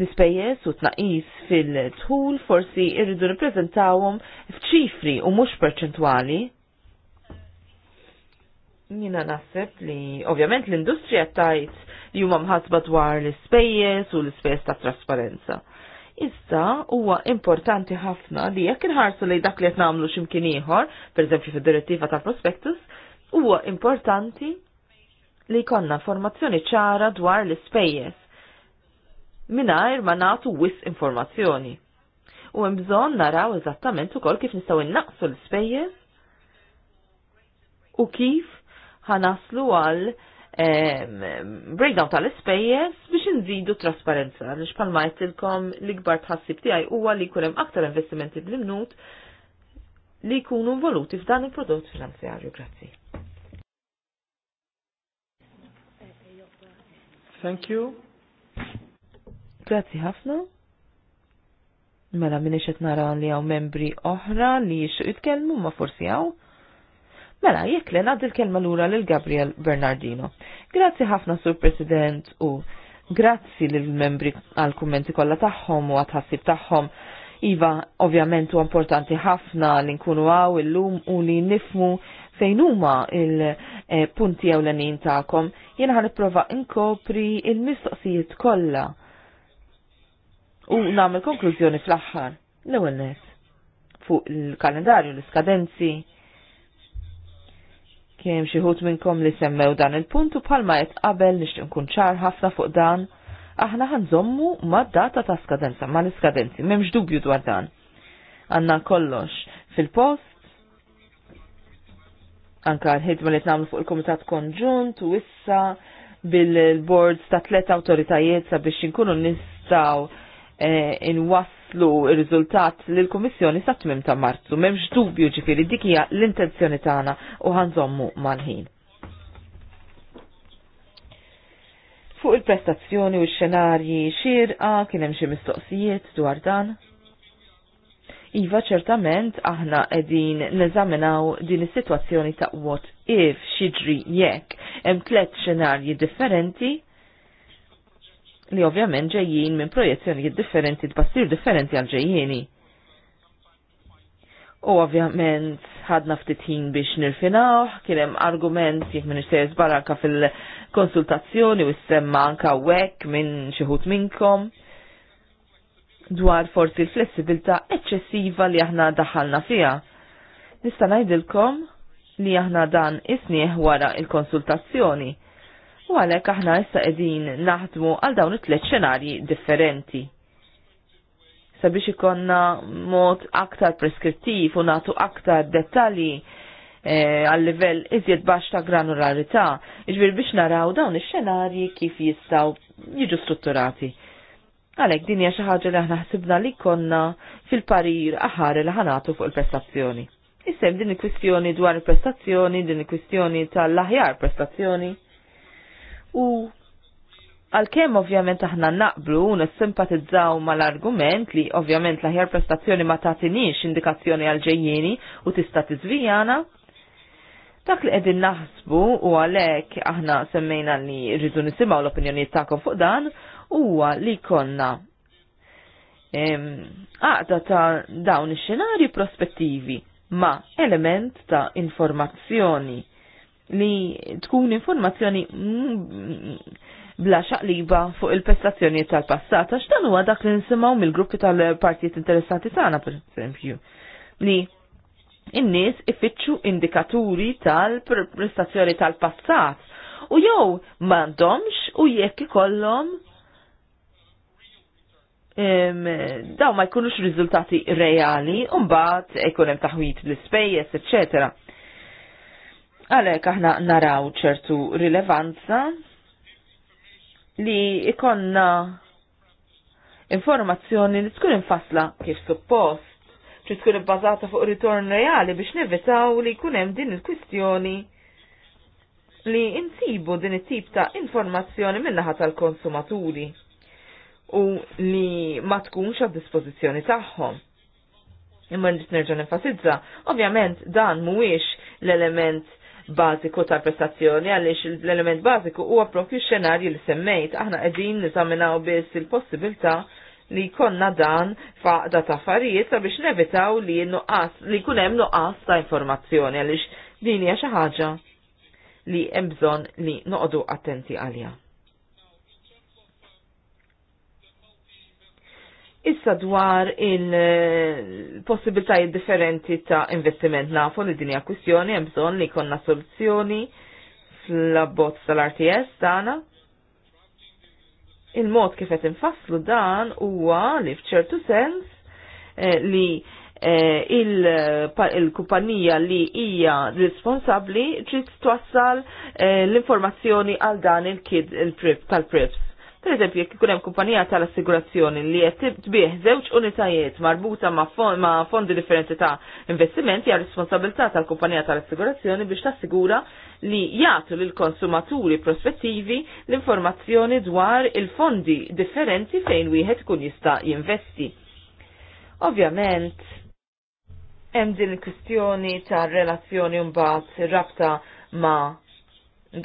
L-ispejjeż u t-naqis fil-tħul forsi irridu nippreżentawhom f'ċifri u mhux perċentwali. Jina naħseb li ovvjament l-industrija tajt li huma mħasba dwar l-ispejjeż u l-ispejjeż ta' trasparenza. Issa huwa importanti ħafna li jekk inħarsu lejn dak li qed nagħmlu x'imkien ieħor, pereżempju fid-direttiva tal prospectus, huwa importanti li jkollna informazzjoni ċara dwar l-ispejjeż mingħajr ma nagħtu wis informazzjoni. U hemm bżonn naraw eżattament ukoll kif nistgħu innaqsu l-ispejjeż u kif ħanaslu għal ehm, breakdown tal-ispejjeż biex nżidu trasparenza għaliex palma jtilkom l-ikbar tħassib tiegħi huwa li jkun hemm aktar investimenti bl-imnut li jkunu involuti f'dan il-prodott finanzjarju. Grazzi. Thank you. Grazzi ħafna. Mela minni xet nara li għaw membri oħra li jixu jitkelmu ma forsi għaw. Mela, jekk li nad il-kelma l-ura l-Gabriel Bernardino. Grazzi ħafna, Sur President, u grazzi l-membri għal-kommenti kolla taħħom u għatħassib taħħom. Iva, ovvjament, u importanti ħafna li nkunu għaw il-lum u li nifmu fejn huma il-punti ewlenin tagħkom, jiena nipprova inkopri il-mistoqsijiet kollha. U nagħmel konklużjoni fl-aħħar. L-ewwel net fuq il-kalendarju, l-iskadenzi. Kemm xi ħut minnkom li semmew dan il-punt u bħalma qed qabel nixtieq nkun ċar ħafna fuq dan aħna ħanżommu ma' data ta' skadenza, ma' l-iskadenzi, M'hemmx dubju dwar dan. Għanna kollox fil-post, anka l-ħidma li namlu fuq il-Komitat Konġunt u issa bil-boards ta' tlet autoritajiet sabiex inkunu nistaw eh, inwasslu il-rizultat l komissjoni sa' tmim ta' marzu. Memx dubju ġifiri dikija l-intenzjoni tagħna u għanżommu mal-ħin. Fuq il-prestazzjoni u x-xenarji xirqa kien hemm xi mistoqsijiet dwar dan. Iva ċertament aħna edin neżaminaw din is-sitwazzjoni ta' what if xidri jekk hemm tliet xenarji differenti li ovvjament ġejjin minn projezzjonijiet differenti tbassir differenti għal ġejjieni. U ovvjament ħadna ftit ħin biex nirfinaw, kien hemm argument jekk minn se baraka fil-konsultazzjoni u semma anka wek minn xi ħut minnkom dwar forsi l flessibilta eċċessiva li aħna daħalna fija. Nista' ngħidilkom li aħna dan isnieħ wara il-konsultazzjoni. U għalhekk aħna issa qegħdin naħdmu għal dawn it-tliet xenarji differenti. Sabiex ikonna mod aktar preskrittiv u nagħtu aktar dettalji eh, għal e, livell iżjed baxx ta' granularità, iġbir biex naraw dawn ix-xenarji kif jistgħu jiġu strutturati. Għalek din hija xi ħaġa li aħna ħsibna li konna fil-parir aħar li ħanatu fuq il-prestazzjoni. Issem din il-kwistjoni dwar il-prestazzjoni, din il-kwistjoni tal-aħjar prestazzjoni. U għal-kem ovvjament aħna naqblu u nissimpatizzaw mal-argument li ovvjament l-aħjar prestazzjoni ma tatinix indikazzjoni għal-ġejjini u tista' tizvijana, dak li qegħdin naħsbu u għalhekk aħna semmejna li rridu nisimgħu l-opinjonijiet tagħkom fuq dan huwa li konna għaqda ta' dawn ix-xenarji prospettivi ma' element ta' informazzjoni li tkun informazzjoni bla xaqliba fuq il-prestazzjoni tal-passat, għax dan huwa dak li nisimgħu mill-gruppi tal-partijiet interessati tagħna pereżempju li in-nies ifittxu indikaturi tal-prestazzjoni tal-passat u jew m'għandhomx u jekk ikollhom daw ma jkunux riżultati reali, umbat ikun hemm taħwit l-ispejjeż, eċetera. Għalhekk aħna naraw ċertu rilevanza li ikonna informazzjoni li tkun infasla kif suppost, ċi tkun bazata fuq ritorn reali biex nevitaw li jkun hemm din il-kwistjoni li insibu din it-tip ta' informazzjoni minnaħat tal-konsumaturi u li ma tkunx għad dispożizzjoni tagħhom. Imma nġit nerġa' nenfasizza, ovvjament dan mhuwiex l-element bażiku tal-prestazzjoni għaliex l-element bażiku huwa propju x li semmejt aħna qegħdin nizaminaw biss il-possibilità li konna dan faqda ta' affarijiet sabiex nevitaw li nuqqas li jkun hemm nuqqas ta' informazzjoni għaliex din hija xi ħaġa li hemm bżonn li noqogħdu attenti għalja. Issa dwar il-possibilitajiet differenti ta' investiment nafu li dinja kwistjoni hemm bżonn li jkollna soluzzjoni fl-abbozz tal-RTS tagħna. Il-mod kif qed infasslu dan huwa li f'ċertu sens eh, li eh, il-kumpanija li hija responsabbli trid twassal eh, l-informazzjoni għal dan il-kid il tal-prips Per eżempju, jekk ikun hemm kumpanija tal-assigurazzjoni li qed tbieħ żewġ unitajiet marbuta ma' fondi differenti ta' investimenti għal responsabilità tal-kumpanija tal-assigurazzjoni biex tassigura li jagħtu lil konsumaturi prospettivi l-informazzjoni dwar il-fondi differenti fejn wieħed ikun jista' jinvesti. Ovvjament, hemm din il-kwistjoni tar-relazzjoni mbagħad rabta ma'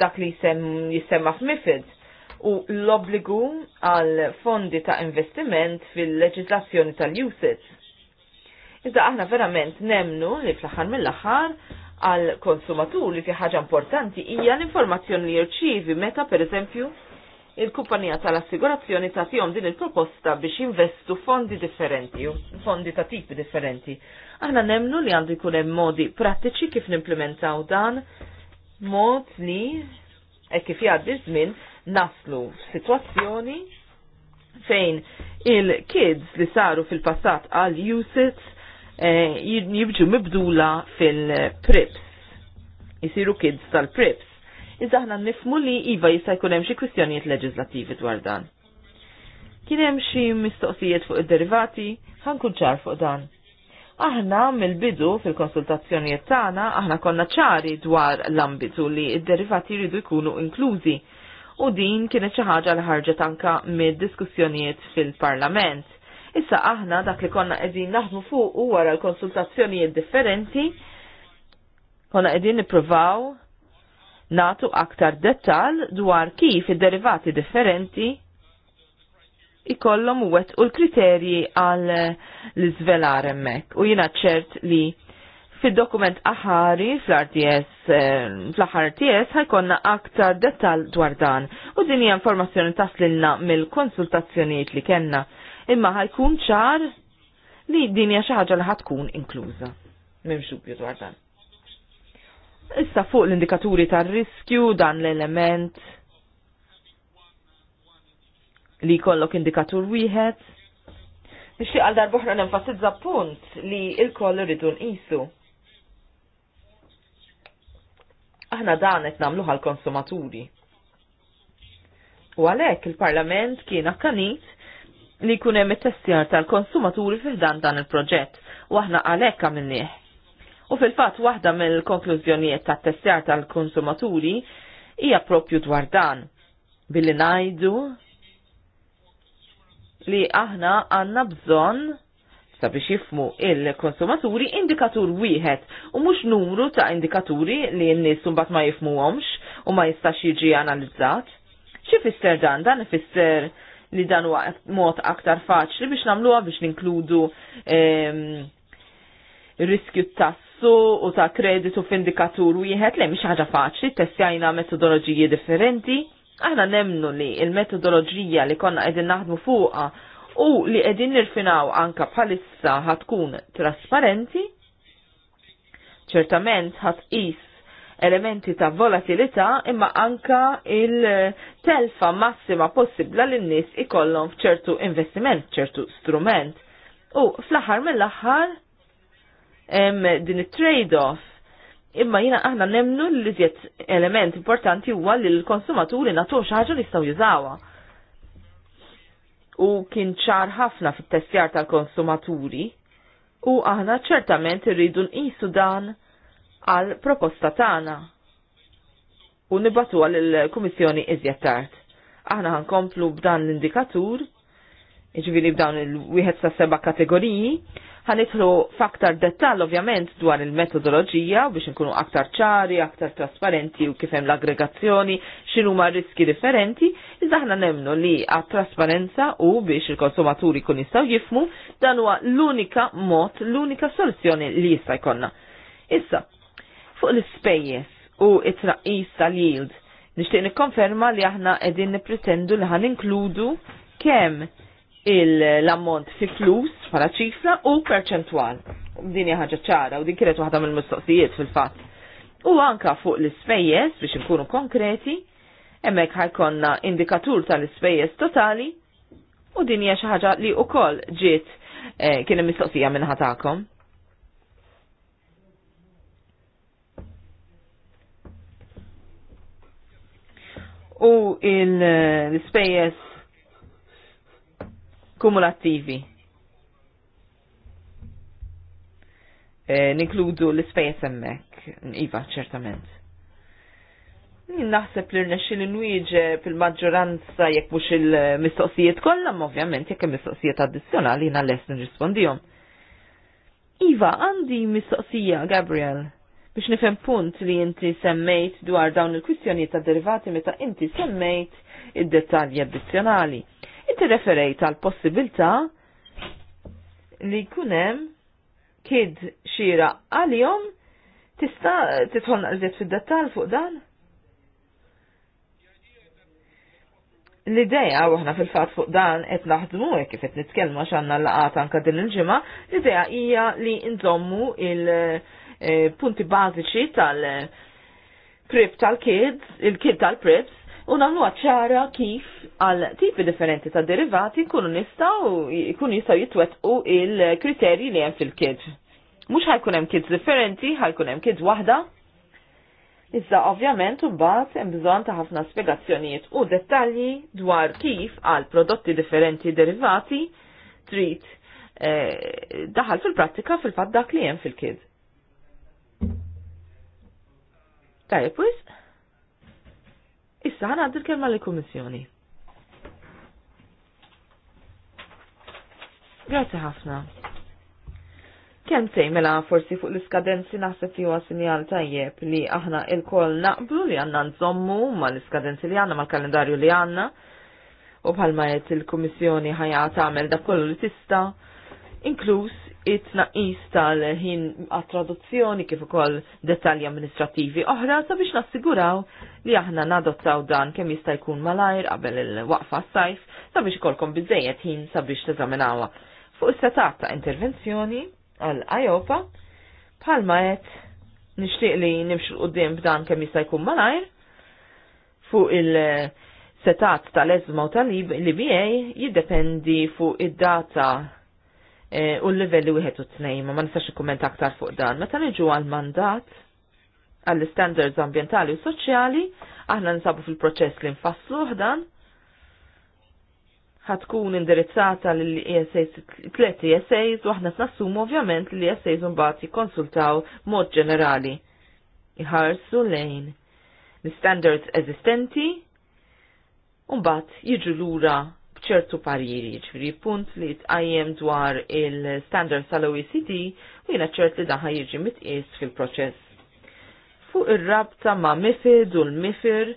dak li jisem jissemma f'Mifid u l-obbligu għal fondi ta' investiment fil-leġislazzjoni tal-USIT. Iżda aħna verament nemnu li fl-aħħar mill-aħħar għal konsumatur li fi ħaġa importanti hija l-informazzjoni li jirċivi meta per eżempju il-kumpanija tal-assigurazzjoni tagħtihom din il-proposta biex jinvestu fondi differenti, fondi ta' tipi differenti. Aħna nemnu li għandu jkun hemm modi prattiċi kif nimplementaw dan mod li e kif jgħaddi żmien naslu f'sitwazzjoni fejn il-kids li saru fil-passat għal usits eh, jibġu mibdula fil-prips. Jisiru kids tal-prips. Iżda aħna nifmu li iva jista' jkun hemm xi kwistjonijiet leġislattivi dwar dan. Kien hemm xi mistoqsijiet fuq id-derivati, ħankun ċar fuq dan. Aħna mill-bidu fil-konsultazzjonijiet tagħna aħna konna ċari dwar l-ambitu li id-derivati jridu jkunu inklużi u din kienet xi ħaġa li ħarġet anka mid-diskussjonijiet fil-Parlament. Issa aħna dak li konna qegħdin naħdmu fuq u wara l-konsultazzjonijiet differenti konna qegħdin nippruvaw natu aktar dettal dwar kif id-derivati differenti ikollhom wet u l-kriterji għal l iżvelar hemmhekk u jiena ċert li Fid-dokument aħari fl-RTS, eh, fl-aħar RTS ħajkonna aktar detal dwar dan u din hija informazzjoni taslilna mill-konsultazzjonijiet li kellna imma ħajkun ċar li din hija xi ħaġa li ħatkun inkluża. M'hemmx dubju dwar dan. Issa fuq l-indikaturi tar-riskju dan l-element li kollok indikatur wieħed. Nixtieq għal darbohra nenfasizza punt li il-koll rridu nqisu. aħna dan qed nagħmlu għall-konsumaturi. U għalhekk il-Parlament kien akkanit li jkun hemm it-testjar tal-konsumaturi fiħdan dan il-proġett u aħna għalhekk għamilnieh. U fil-fatt waħda mill-konklużjonijiet tat-testjar tal-konsumaturi hija propju dwar dan billi ngħidu li aħna għandna bżonn sabiex jifmu il-konsumaturi indikatur wieħed u mhux numru ta' indikaturi li n-nies mbagħad ma jifmuhomx u ma jistax jiġi analizzat. X'ifisser fisser dan? Dan ifisser li dan huwa mod aktar faċli biex nagħmluha biex ninkludu ehm, riskju tassu u ta' kreditu f'indikatur wieħed li mhix ħaġa faċli, tessjajna metodoloġiji differenti. Aħna nemnu li il-metodoloġija li konna qegħdin naħdmu fuqha u li qegħdin nirfinaw anka bħalissa ħatkun trasparenti, ċertament ħatqis elementi ta' volatilità imma anka il-telfa massima possibla l nis ikollhom f'ċertu investiment, ċertu strument. U fl-aħħar mill-aħħar din it-trade-off imma jina aħna nemnu li zjed element importanti huwa li l-konsumaturi nagħtuhom xi ħaġa li jistgħu jużawha u kien ċar ħafna fit-testjar tal-konsumaturi u aħna ċertament irridu nqisu dan għal proposta tagħna u nibatu għal il-Kummissjoni iżjed tard. Aħna ħankomplu b'dan l-indikatur, jiġifieri b'dawn il-wieħed sa' seba' kategoriji, ħanitħlu f'aktar dettal ovvjament dwar il-metodoloġija biex nkunu aktar ċari, aktar trasparenti u kifem l-aggregazzjoni, xinu ma riski differenti, iżda ħna nemnu li għat trasparenza u biex il-konsumaturi kun jistaw jifmu dan huwa l-unika mod, l-unika soluzzjoni li jista' jkollna. Issa, fuq l-ispejjeż u it-traqis tal-yield, nixtieq nikkonferma li aħna qegħdin nippretendu li ħan inkludu kemm l-ammont fi flus bħala ċifra u perċentwal. Din ħaġa ċara u din kienet waħda mill-mistoqsijiet fil-fatt. U anka fuq l-ispejjeż biex inkunu konkreti, hemmhekk ħajkonna indikatur tal-ispejjeż totali u din hija xi ħaġa li wkoll ġiet eh, kien mistoqsija minn ħatakom. U l-ispejjeż kumulattivi. E, Ninkludu l-ispejjeż hemmhekk, iva ċertament. Naħseb li rnexxi li nwieġeb il-maġġoranza jekk mhux il-mistoqsijiet kollha, ovvjament jekk il mistoqsijiet addizzjonali jiena lest nirrispondihom. Iva, għandi mistoqsija, Gabriel biex nifhem punt li inti semmejt dwar dawn il-kwistjonijiet ta' derivati meta inti semmejt id-dettalji addizzjonali. Inti referejt għal possibilità li kunem kid xira għal-jom tista titħol naqżiet fid-dettal fuq dan? L-ideja, u ħna fil-fat fuq dan qed naħdmu hekk kif qed xanna l laqat anke din il-ġimgħa, l-idea hija li nżommu il-punti eh, bażiċi tal- eh, Prip tal-kids, il-kid tal-prips, u nagħmluha ċara kif għal tipi differenti ta' derivati jkunu nistgħu jkunu jistgħu jitwettqu il-kriterji li hemm fil-kid. Mhux ħajkun hemm kids differenti, ħajkun hemm kids waħda. Iżda ovvjament imbagħad hemm bżonn ta' ħafna spjegazzjonijiet u dettalji dwar kif għal prodotti differenti derivati trid eh, daħal fil-prattika fil-fatt dak li hemm fil-kid. Tajjeb Issa ħana għaddir kelma li komissjoni Grazie ħafna. Kem tejmela forsi fuq l-iskadenzi naħseb li huwa sinjal tajjeb li aħna il-koll naqblu li għanna nżommu ma l-iskadenzi li għanna ma l-kalendarju li għanna u bħalma jett il kummissjoni ħajja tagħmel dak kollu li tista' inkluż it-naqis tal-ħin għat-traduzzjoni kif ukoll dettalji amministrativi oħra sabiex nassiguraw li aħna nadottaw dan kemm jista' jkun malajr qabel il-waqfa s-sajf sabiex ikolkom biżejjed ħin sabiex teżaminawha. Fuq is-setat ta' intervenzjoni għal ajopa bħalma qed nixtieq li nimxu l-qudiem b'dan kemm jista' jkun malajr fuq il- setat tal-ezma u tal-IBA jiddependi fuq id-data E, u l-livelli wieħed u tnejn, ma nistax ikkumment aktar fuq dan. Meta niġu għal-mandat, għall-standards ambientali u soċjali, aħna nsabu fil-proċess li nfasslu dan, ħatkun indirizzata l-ESAs, tlet ESAs, u aħna t-nassum ovvjament li ESAs mbagħad jikkonsultaw mod ġenerali. Iħarsu lejn l-standards eżistenti, u mbagħad jiġu lura bċertu parjiri, ġifri punt li tqajjem dwar il-standards tal-OECD u jina ċert li daħħa jiġi mitqis fil-proċess. Fuq ir-rabta ma' MIFID u l-MIFIR,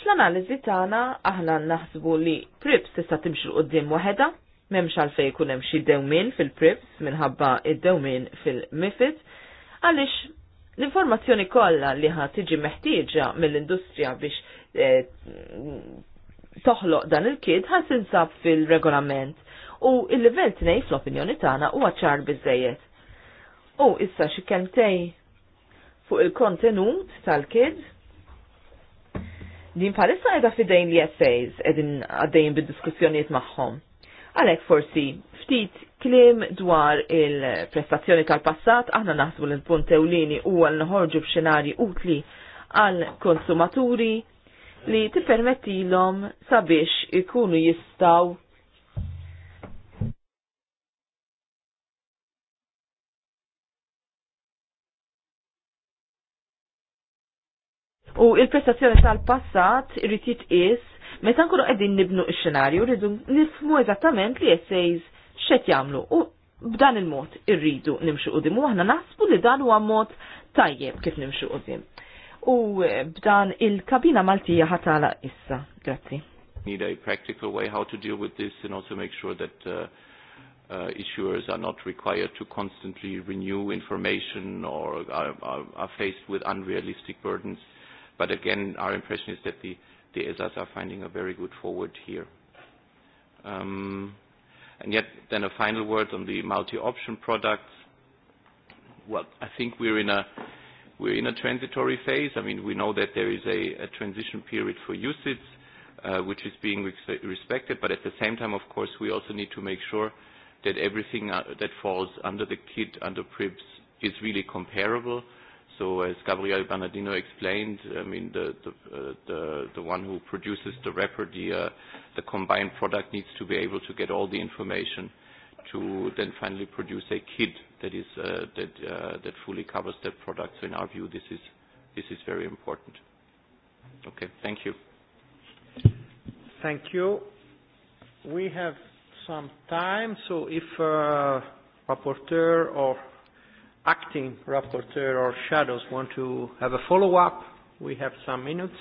fl-analiżi tagħna aħna naħsbu li PRIPS tista' timxil qudiem waħedha, m'hemmx għalfejn jkun hemm xi dewmin fil-PRIPS minħabba id-dewmin fil-MIFID, għaliex l-informazzjoni kollha li ħad tiġi meħtieġa mill-industrija biex eh, toħloq dan il-kid ħas insab fil-regolament u il-level tnej fl-opinjoni tagħna huwa ċar biżejjed. U issa xi fuq il-kontenut tal-kid din palissa edha fidejn li essays qegħdin għaddejjin bid diskussjoniet magħhom. Għalhekk forsi ftit kliem dwar il-prestazzjoni tal-passat aħna naħsbu l-punt ewlieni huwa l nħorġu b'xenarji utli għal konsumaturi li tippermettilhom sabiex ikunu jistaw U il-prestazzjoni tal-passat irrid jitqies meta nkunu qegħdin nibnu x-xenarju rridu nifhmu eżattament li essays x'qed jagħmlu u b'dan il-mod irridu nimxu qudiem u aħna naħsbu li dan huwa mod tajjeb kif nimxu qudiem u b'dan il-kabina Maltija ħatala issa. Grazzi. Need a practical way how to deal with this and also make sure that uh, uh, issuers are not required to constantly renew information or are, are, are faced with unrealistic burdens. But again, our impression is that the, the ESAs are finding a very good forward here. Um, and yet, then a final word on the multi-option products. Well, I think we're in a We're in a transitory phase. I mean, we know that there is a, a transition period for UCITS, uh, which is being respected, but at the same time, of course, we also need to make sure that everything uh, that falls under the KIT, under PRIBS, is really comparable. So as Gabriel Bernardino explained, I mean, the, the, uh, the, the one who produces the wrapper, the, uh, the combined product needs to be able to get all the information to then finally produce a kit that is uh, that uh, that fully covers that product. So in our view, this is this is very important. Okay, thank you. Thank you. We have some time, so if uh, rapporteur or acting rapporteur or shadows want to have a follow-up, we have some minutes.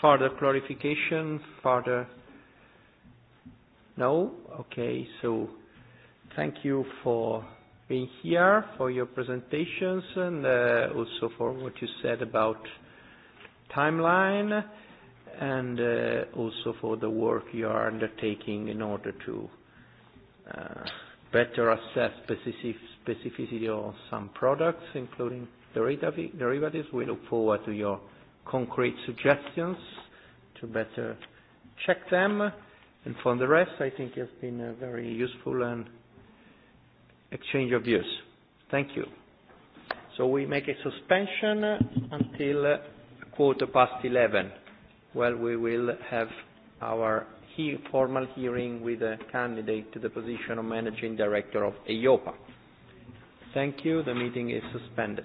Further clarification, further No? Okay, so thank you for being here, for your presentations, and uh, also for what you said about timeline, and uh, also for the work you are undertaking in order to uh, better assess specific specificity of some products, including derivatives. We look forward to your concrete suggestions to better check them And for the rest, I think it's been a very useful and exchange of views. Thank you. So we make a suspension until quarter past 11. Well, we will have our he formal hearing with a candidate to the position of Managing Director of EIOPA. Thank you. The meeting is suspended.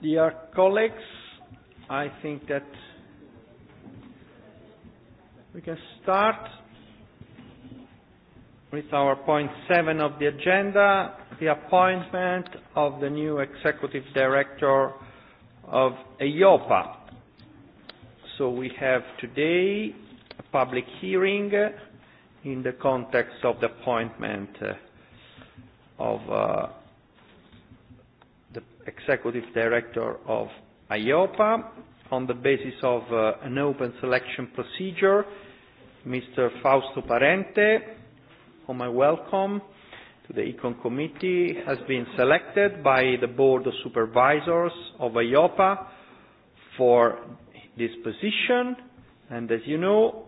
Dear colleagues, I think that we can start with our point seven of the agenda, the appointment of the new executive director of EIOPA. So we have today a public hearing in the context of the appointment uh, of uh, Executive Director of IOPA on the basis of uh, an open selection procedure, Mr. Fausto Parente, whom I welcome to the Econ Committee, has been selected by the Board of Supervisors of IOPA for this position. And as you know,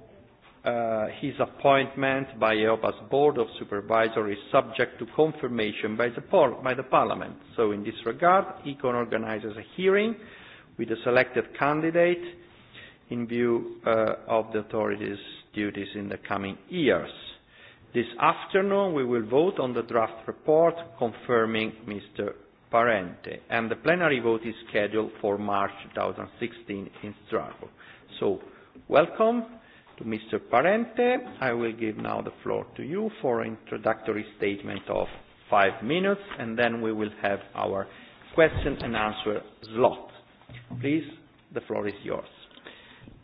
uh, his appointment by EOPA's Board of Supervisors is subject to confirmation by the, par by the Parliament. So in this regard, ECON organizes a hearing with a selected candidate in view uh, of the authorities' duties in the coming years. This afternoon, we will vote on the draft report confirming Mr. Parente, and the plenary vote is scheduled for March 2016 in Strasbourg. So, welcome to Mr. Parente. I will give now the floor to you for an introductory statement of five minutes, and then we will have our question and answer slot. Please, the floor is yours.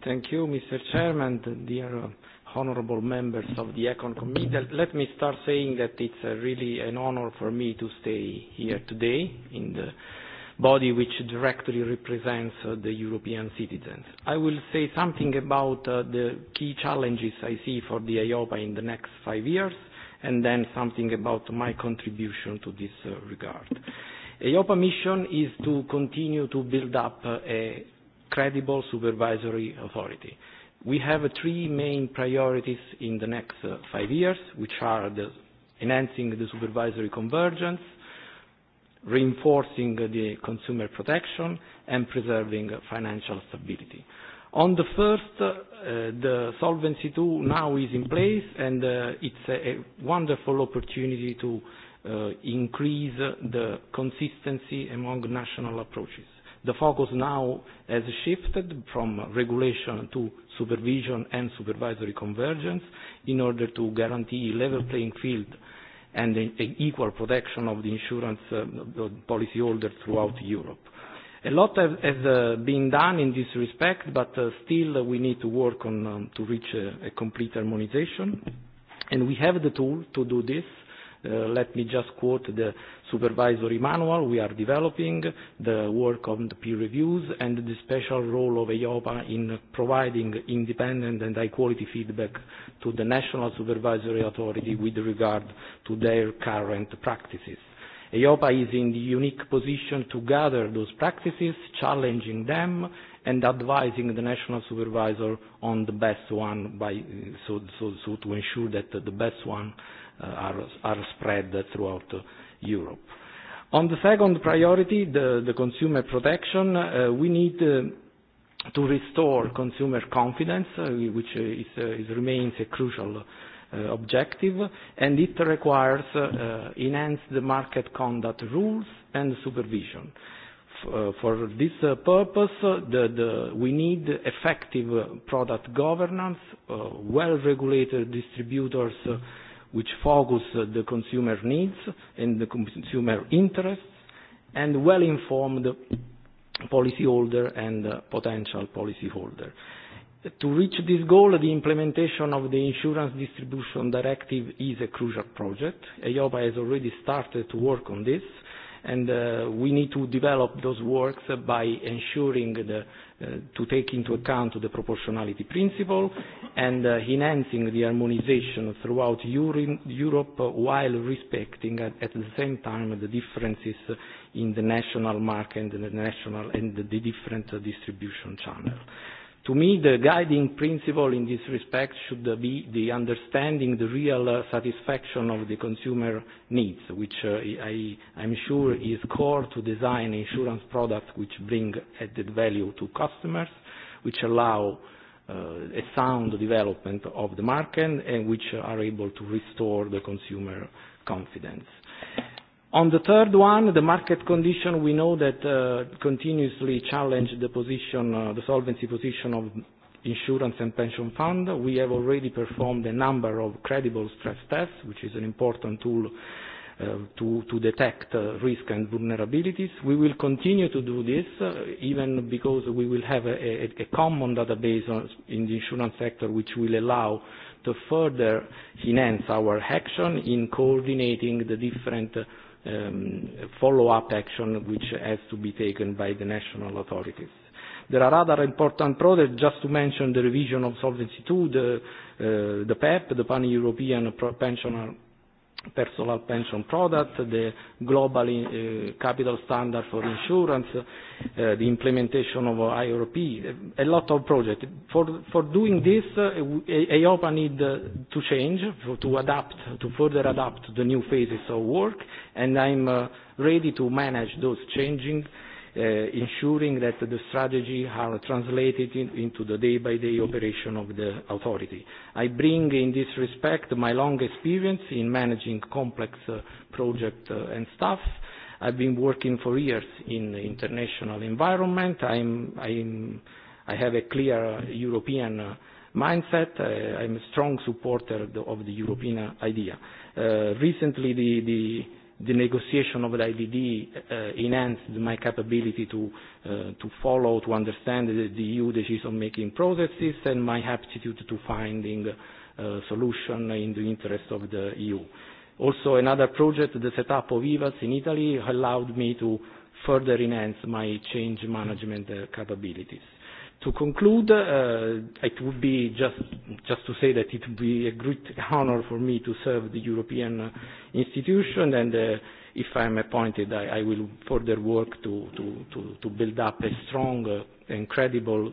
Thank you, Mr. Chairman, dear uh, honorable members of the Econ Committee. Let me start saying that it's uh, really an honor for me to stay here today in the body which directly represents uh, the European citizens. I will say something about uh, the key challenges I see for the IOPA in the next five years and then something about my contribution to this uh, regard. EIOPA mission is to continue to build up uh, a credible supervisory authority. We have uh, three main priorities in the next uh, five years, which are the enhancing the supervisory convergence, reinforcing the consumer protection and preserving financial stability. On the first, uh, the Solvency II now is in place and uh, it's a, a wonderful opportunity to uh, increase the consistency among national approaches. The focus now has shifted from regulation to supervision and supervisory convergence in order to guarantee level playing field and the, the equal protection of the insurance uh, policyholder throughout Europe. A lot has, has uh, been done in this respect, but uh, still uh, we need to work on um, to reach a, a complete harmonization. And we have the tool to do this Uh, let me just quote the supervisory manual we are developing, the work on the peer reviews, and the special role of EIOPA in providing independent and high-quality feedback to the national supervisory authority with regard to their current practices. EIOPA is in the unique position to gather those practices, challenging them, and advising the national supervisor on the best one by, so, so, so to ensure that the best one uh, are, are spread throughout Europe. On the second priority, the, the consumer protection, uh, we need uh, to restore consumer confidence, uh, which is, uh, is remains a crucial uh, objective, and it requires uh, enhanced market conduct rules and supervision. uh, for this uh, purpose, uh, the, the, we need effective product governance, uh, well-regulated distributors uh, which focus the consumer needs and the consumer interests and well-informed policyholder and uh, potential policyholder. To reach this goal, the implementation of the Insurance Distribution Directive is a crucial project. EIOPA has already started to work on this, and uh, we need to develop those works by ensuring the uh, to take into account the proportionality principle and uh, enhancing the harmonization throughout Euro Europe uh, while respecting at, at the same time the differences in the national market and the national and the different uh, distribution channels. To me, the guiding principle in this respect should be the understanding the real uh, satisfaction of the consumer needs, which uh, I, I'm sure is core to design insurance products which bring added value to customers, which allow uh, a sound development of the market and which are able to restore the consumer confidence. On the third one, the market condition, we know that uh, continuously challenge the position, uh, the solvency position of insurance and pension fund. We have already performed a number of credible stress tests, which is an important tool uh, to, to detect uh, risk and vulnerabilities. We will continue to do this, uh, even because we will have a, a, a common database uh, in the insurance sector which will allow to further enhance our action in coordinating the different uh, um, follow-up action which has to be taken by the national authorities. There are other important projects, just to mention the revision of Solvency II, the, uh, the PEP, e the Pan-European Pensioner personal pension product, the global uh, capital standard for insurance, uh, the implementation of IRP, eh, a lot of projects. For, for doing this, uh, EIOPA need uh, to change, for, to adapt, to further adapt the new phases of work, and I'm uh, ready to manage those changing uh, ensuring that the strategy are translated in, into the day-by-day -day operation of the authority. I bring in this respect my long experience in managing complex uh, projects uh, and staff. I've been working for years in the international environment. I'm, I'm, I have a clear uh, European uh, mindset. Uh, I'm a strong supporter of the, of the European idea. Uh, recently, the, the the negotiation of the IDD uh, enhanced my capability to, uh, to follow, to understand the, the EU decision-making processes and my aptitude to finding uh, solution in the interest of the EU. Also another project, the setup of EVAS in Italy, allowed me to further enhance my change management uh, capabilities. To conclude, uh, it would be just, just to say that it would be a great honor for me to serve the European uh, institution and uh, if I'm appointed, I, I will further work to, to, to, to build up a strong uh, and credible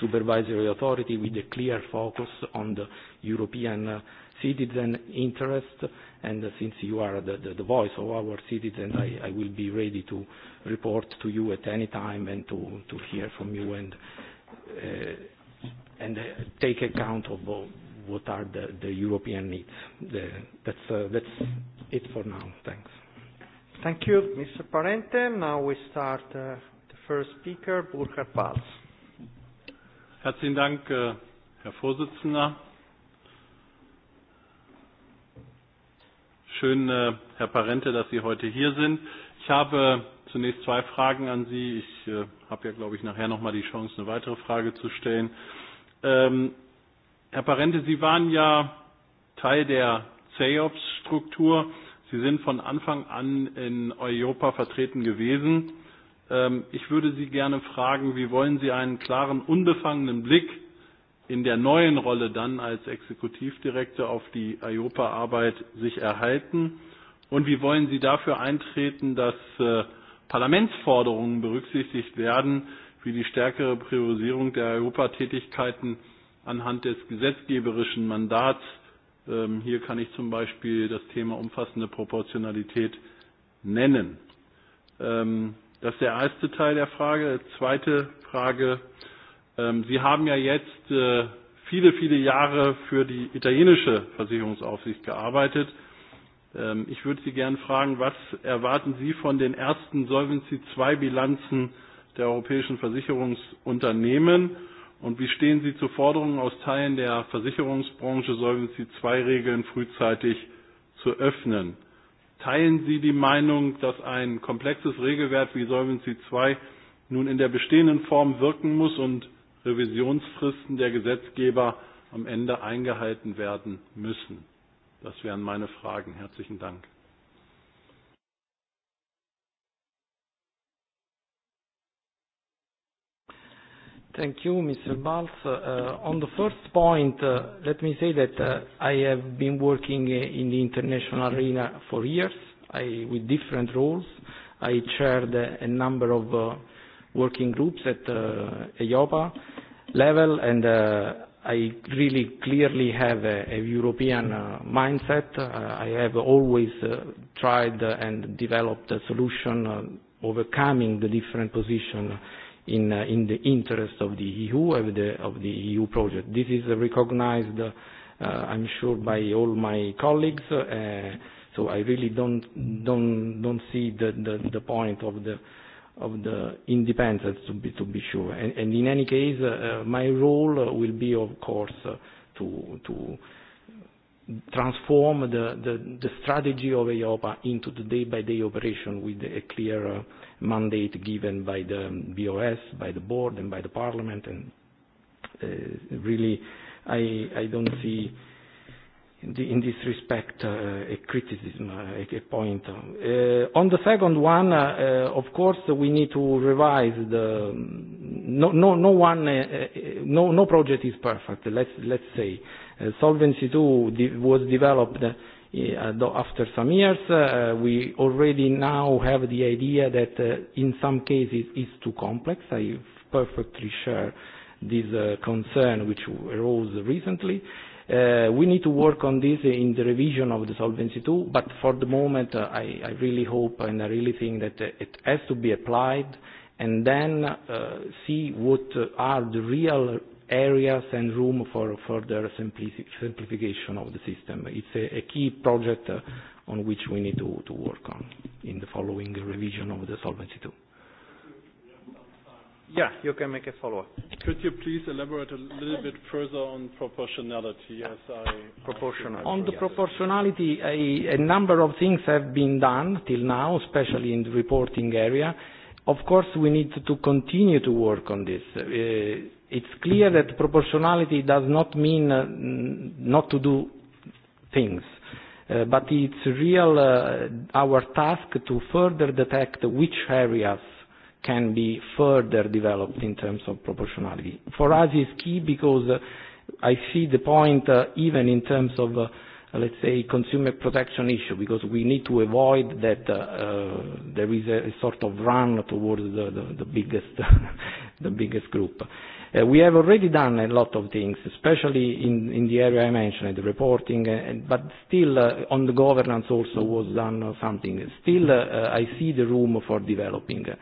supervisory authority with a clear focus on the European uh, citizen interest. And uh, since you are the, the, the voice of our citizens, I, I will be ready to report to you at any time and to, to hear from you and uh, and uh, take account of uh, what are the, the European needs. The, that's, uh, that's it for now. Thanks. Thank you, Mr. Parente. Now we start uh, the first speaker, Burkhard Pals. Herzlichen Dank, uh, Herr Vorsitzender. Schön, äh, Herr Parente, dass Sie heute hier sind. Ich habe zunächst zwei Fragen an Sie. Ich äh, habe ja, glaube ich, nachher nochmal die Chance, eine weitere Frage zu stellen. Ähm, Herr Parente, Sie waren ja Teil der CEOPS-Struktur. Sie sind von Anfang an in Europa vertreten gewesen. Ähm, ich würde Sie gerne fragen, wie wollen Sie einen klaren, unbefangenen Blick in der neuen Rolle dann als Exekutivdirektor auf die IOPA-Arbeit sich erhalten? Und wie wollen Sie dafür eintreten, dass äh, Parlamentsforderungen berücksichtigt werden, wie die stärkere Priorisierung der Europatätigkeiten anhand des gesetzgeberischen Mandats. Ähm, hier kann ich zum Beispiel das Thema umfassende Proportionalität nennen. Ähm, das ist der erste Teil der Frage. Zweite Frage. Ähm, Sie haben ja jetzt äh, viele, viele Jahre für die italienische Versicherungsaufsicht gearbeitet. Ähm, ich würde Sie gerne fragen, was erwarten Sie von den ersten Solvency II-Bilanzen der europäischen Versicherungsunternehmen und wie stehen Sie zu Forderungen aus Teilen der Versicherungsbranche, Solvency II-Regeln frühzeitig zu öffnen? Teilen Sie die Meinung, dass ein komplexes Regelwerk wie Solvency II nun in der bestehenden Form wirken muss und Revisionsfristen der Gesetzgeber am Ende eingehalten werden müssen? Das wären meine Fragen. Herzlichen Dank. Thank you, Mr. Balz. Uh, on the first point, uh, let me say that uh, I have been working uh, in the international arena for years I, with different roles. I chaired uh, a number of uh, working groups at uh, EIOPA level and uh, I really clearly have a, a European uh, mindset. Uh, I have always uh, tried and developed a solution uh, overcoming the different position in, uh, in the interest of the EU, of the, of the EU project. This is uh, recognized, uh, I'm sure, by all my colleagues. Uh, so I really don't, don't, don't see the, the, the point of the of the independence to be, to be sure. And, and in any case, uh, my role will be, of course, uh, to, to transform the, the, the strategy of EIOPA into the day-by-day -day operation with a clear uh, mandate given by the BOS, by the board, and by the parliament. And uh, really, I, I don't see the, in this respect uh, a criticism, uh, a, point. Uh, on the second one, uh, uh, of course, we need to revise the. No, no, no one, uh, uh no, no project is perfect. Let's let's say uh, Solvency II de was developed. Uh, uh, after some years, uh, we already now have the idea that uh, in some cases it's too complex. I perfectly share this uh, concern which arose recently. Uh, Uh, we need to work on this in the revision of the Solvency II, but for the moment uh, I, I really hope and I really think that uh, it has to be applied and then uh, see what uh, are the real areas and room for further simplici simplification of the system. It's a, a key project uh, on which we need to, to work on in the following revision of the Solvency II. Yeah, you can make a follow-up. Could you please elaborate a little bit further on proportionality as I... Proportionality. On the yes. proportionality, a, a number of things have been done till now, especially in the reporting area. Of course, we need to continue to work on this. Uh, it's clear that proportionality does not mean uh, not to do things. Uh, but it's real uh, our task to further detect which areas can be further developed in terms of proportionality. For us it's key because uh, I see the point uh, even in terms of, uh, let's say, consumer protection issue because we need to avoid that uh, uh, there is a, a sort of run towards the, the, the, biggest, [laughs] the biggest group. Uh, we have already done a lot of things, especially in, in the area I mentioned, the reporting, uh, and but still uh, on the governance also was done something. Still uh, I see the room for developing. Uh,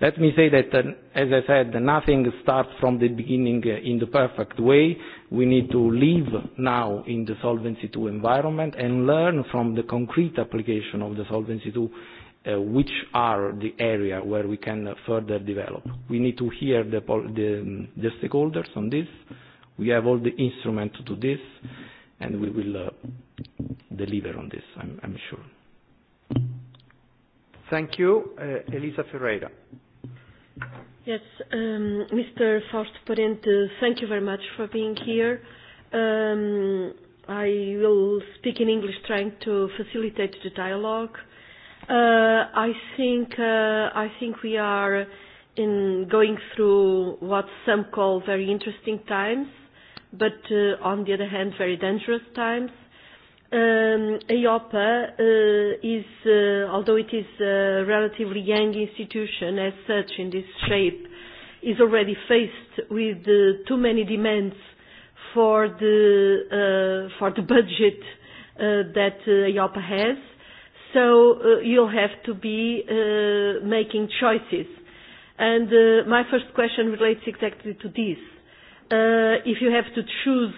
Let me say that, uh, as I said, nothing starts from the beginning uh, in the perfect way. We need to live now in the Solvency II environment and learn from the concrete application of the Solvency II uh, which are the area where we can further develop. We need to hear the, the, um, the stakeholders on this. We have all the instruments to do this, and we will uh, deliver on this, I'm, I'm sure. Thank you, uh, Elisa Ferreira. Yes, um, Mr. Parent, uh, thank you very much for being here. Um, I will speak in English trying to facilitate the dialogue. Uh, I think uh, I think we are in going through what some call very interesting times, but uh, on the other hand, very dangerous times. Um, EIOPA e, uh, is, uh, although it is a relatively young institution as such in this shape, is already faced with uh, too many demands for the, uh, for the budget uh, that uh, EIOPA e has. So uh, you'll have to be uh, making choices. And uh, my first question relates exactly to this. Uh, if you have to choose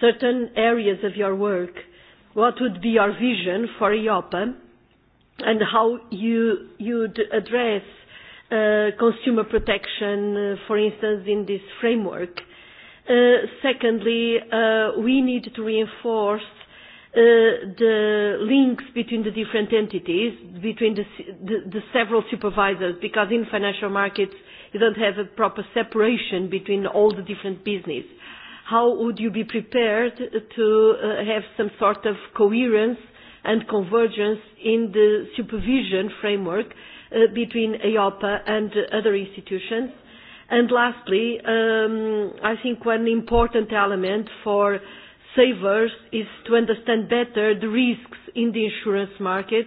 certain areas of your work, uh, what would be your vision for EOPA and how you, you'd address uh, consumer protection, uh, for instance, in this framework. Uh, secondly, uh, we need to reinforce uh, the links between the different entities, between the, the, the several supervisors, because in financial markets you don't have a proper separation between all the different business how would you be prepared to uh, have some sort of coherence and convergence in the supervision framework uh, between EIOPA and uh, other institutions? And lastly, um, I think one important element for savers is to understand better the risks in the insurance market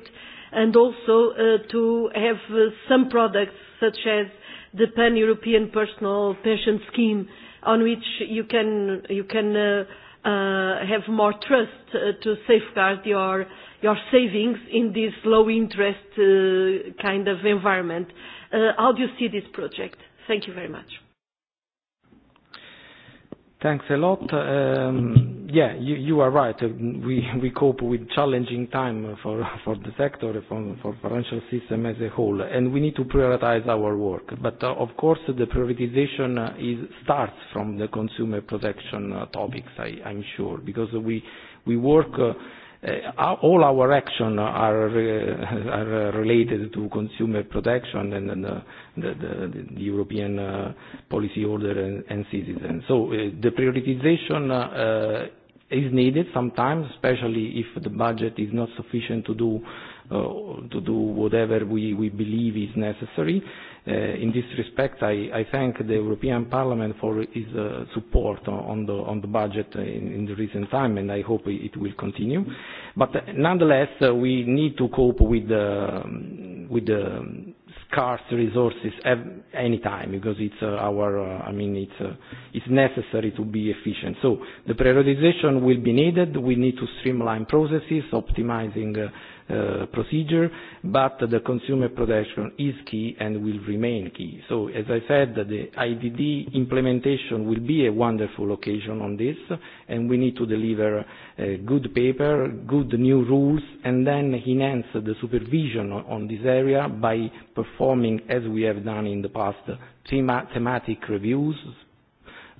and also uh, to have uh, some products such as the pan-European personal pension scheme on which you can, you can uh, uh, have more trust uh, to safeguard your, your savings in this low interest uh, kind of environment. Uh, how do you see this project? Thank you very much. Thanks a lot. Um, yeah, you, you are right. We, we cope with challenging time for, for the sector, for, for financial system as a whole, and we need to prioritize our work. But uh, of course, the prioritization uh, is, starts from the consumer protection uh, topics, I, I'm sure, because we, we work uh, uh, all our action are, uh, are related to consumer protection and, and uh, the, the, the European uh, policy order and, and citizens. So uh, the prioritization uh, uh, is needed sometimes, especially if the budget is not sufficient to do, uh, to do whatever we, we believe is necessary. Uh, Uh, in this respect, I, I thank the European Parliament for its uh, support on the, on the budget in, in the recent time, and I hope it will continue. But uh, nonetheless, uh, we need to cope with the, um, with the scarce resources at any time because it's uh, our uh, I mean it's uh, it's necessary to be efficient so the prioritization will be needed we need to streamline processes optimizing uh, uh, procedure, but the consumer protection is key and will remain key. So as I said, the IDD implementation will be a wonderful occasion on this, and we need to deliver a good paper, good new rules, and then enhance the supervision on this area by performing, as we have done in the past, thema thematic reviews,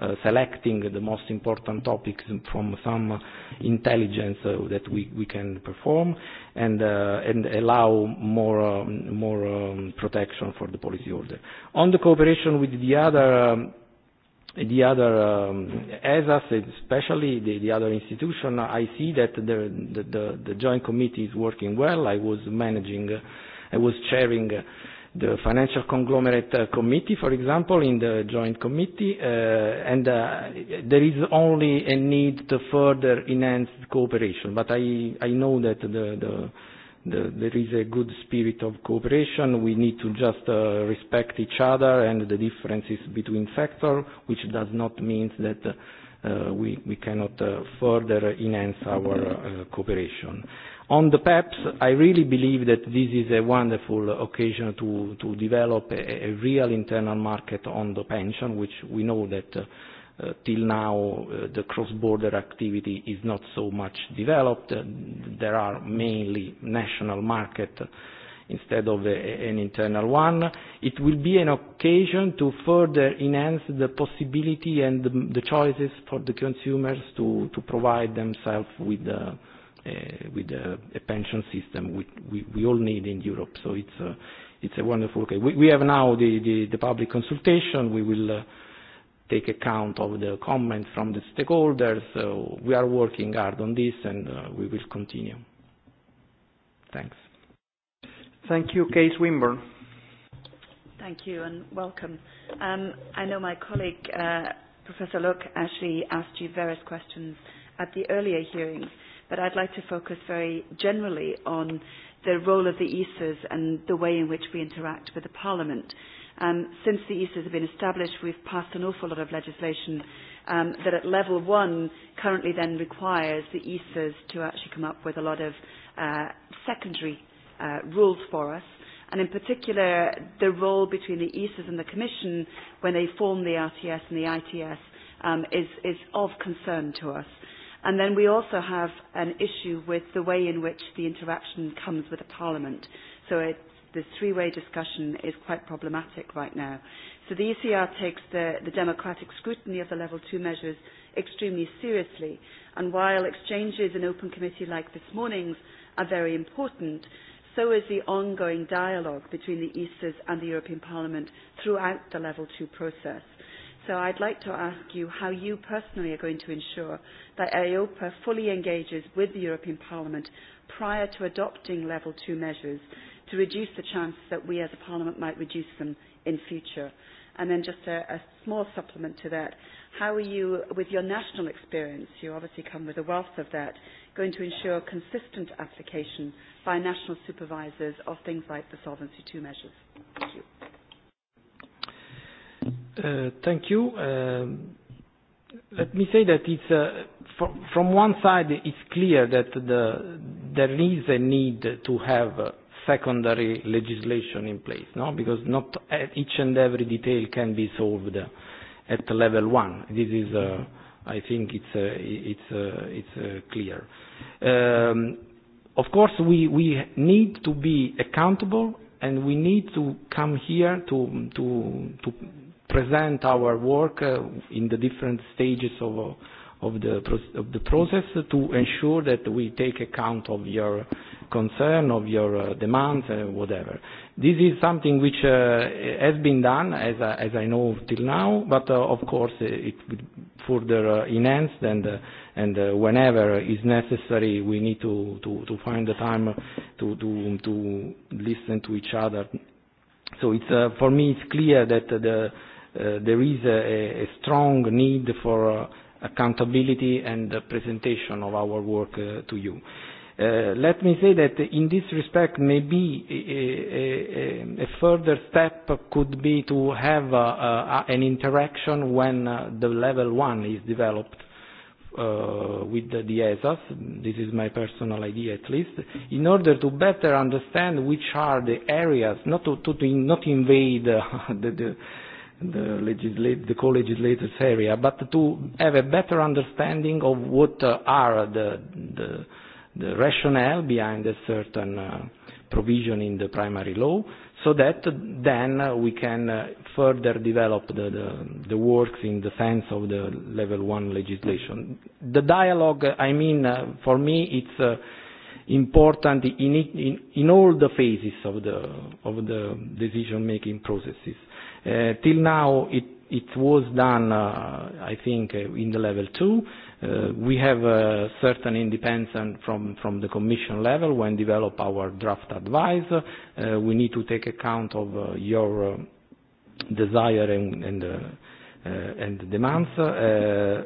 uh, selecting the most important topics from some intelligence uh, that we, we can perform, and, uh, and allow more, um, more um, protection for the policy order. On the cooperation with the other um, the other um, ESAS, especially the, the other institution, I see that the, the, the, the joint committee is working well. I was managing, uh, I was chairing uh the Financial Conglomerate uh, Committee, for example, in the Joint Committee, uh, and uh, there is only a need to further enhance cooperation. But I, I know that the, the, the, there is a good spirit of cooperation. We need to just uh, respect each other and the differences between sectors, which does not mean that uh, we, we cannot uh, further enhance our uh, cooperation. On the PEPs, I really believe that this is a wonderful occasion to, to develop a, a real internal market on the pension, which we know that uh, till now uh, the cross-border activity is not so much developed. Uh, there are mainly national market instead of a, an internal one. It will be an occasion to further enhance the possibility and the, the choices for the consumers to, to provide themselves with uh, uh, with a, a pension system which we, we all need in Europe. So it's a, it's a wonderful case. We, we have now the, the, the public consultation. We will uh, take account of the comments from the stakeholders. So we are working hard on this and uh, we will continue. Thanks. Thank you, Kate Wimborne. Thank you and welcome. Um, I know my colleague, uh, Professor Look, actually asked you various questions at the earlier hearings but I'd like to focus very generally on the role of the ESAs and the way in which we interact with the Parliament. Um, since the ESAs have been established, we've passed an awful lot of legislation um, that at level one currently then requires the ESAs to actually come up with a lot of uh, secondary uh, rules for us and in particular the role between the ESAs and the Commission when they form the RTS and the ITS um, is, is of concern to us. And then we also have an issue with the way in which the interaction comes with the Parliament. So it's the three-way discussion is quite problematic right now. So the ECR takes the, the democratic scrutiny of the Level 2 measures extremely seriously. And while exchanges in open committee like this morning's are very important, so is the ongoing dialogue between the ESAs and the European Parliament throughout the Level 2 process. So I'd like to ask you how you personally are going to ensure that AOPA fully engages with the European Parliament prior to adopting Level 2 measures to reduce the chance that we as a Parliament might reduce them in future. And then just a, a small supplement to that, how are you, with your national experience, you obviously come with a wealth of that, going to ensure consistent application by national supervisors of things like the Solvency II measures? Thank you. Uh, thank you. Um, let me say that it's, uh, from, from one side, it's clear that the, there is a need to have uh, secondary legislation in place, no? because not e, each and every detail can be solved at level one. This is, uh, I think, it's, uh, it's, uh, it's uh, clear. Um, of course, we, we need to be accountable and we need to come here to, to, to present our work uh, in the different stages of, uh, of, the, of the process to ensure that we take account of your concern, of your uh, demands, uh, whatever. This is something which uh, has been done, as, uh, as I know till now, but uh, of course uh, it will further uh, enhanced and, uh, and uh, whenever is necessary we need to, to, to find the time to, to, to listen to each other. So it's, uh, for me it's clear that the uh, there is a, a strong need for uh, accountability and uh, presentation of our work uh, to you. Uh, let me say that in this respect, maybe a, a, a further step could be to have uh, uh, an interaction when uh, the level one is developed uh, with the, the ESAs, this is my personal idea at least, in order to better understand which are the areas, not to, to, to not invade uh, [laughs] the, the, the, legislate, the co-legislators area, but to have a better understanding of what uh, are the, the, the rationale behind a certain uh, provision in the primary law, so that then uh we can uh, further develop the, the, the works in the sense of the level one legislation. The dialogue, I mean, uh, for me, it's uh, important in, in, in all the phases of the, of the decision-making processes. Uh, till now, it, it was done, uh, I think, uh, in the level two. Uh, we have a certain independence from, from the Commission level when develop our draft advice. Uh, we need to take account of uh, your uh, desire and, and, uh, uh, and demands. Uh,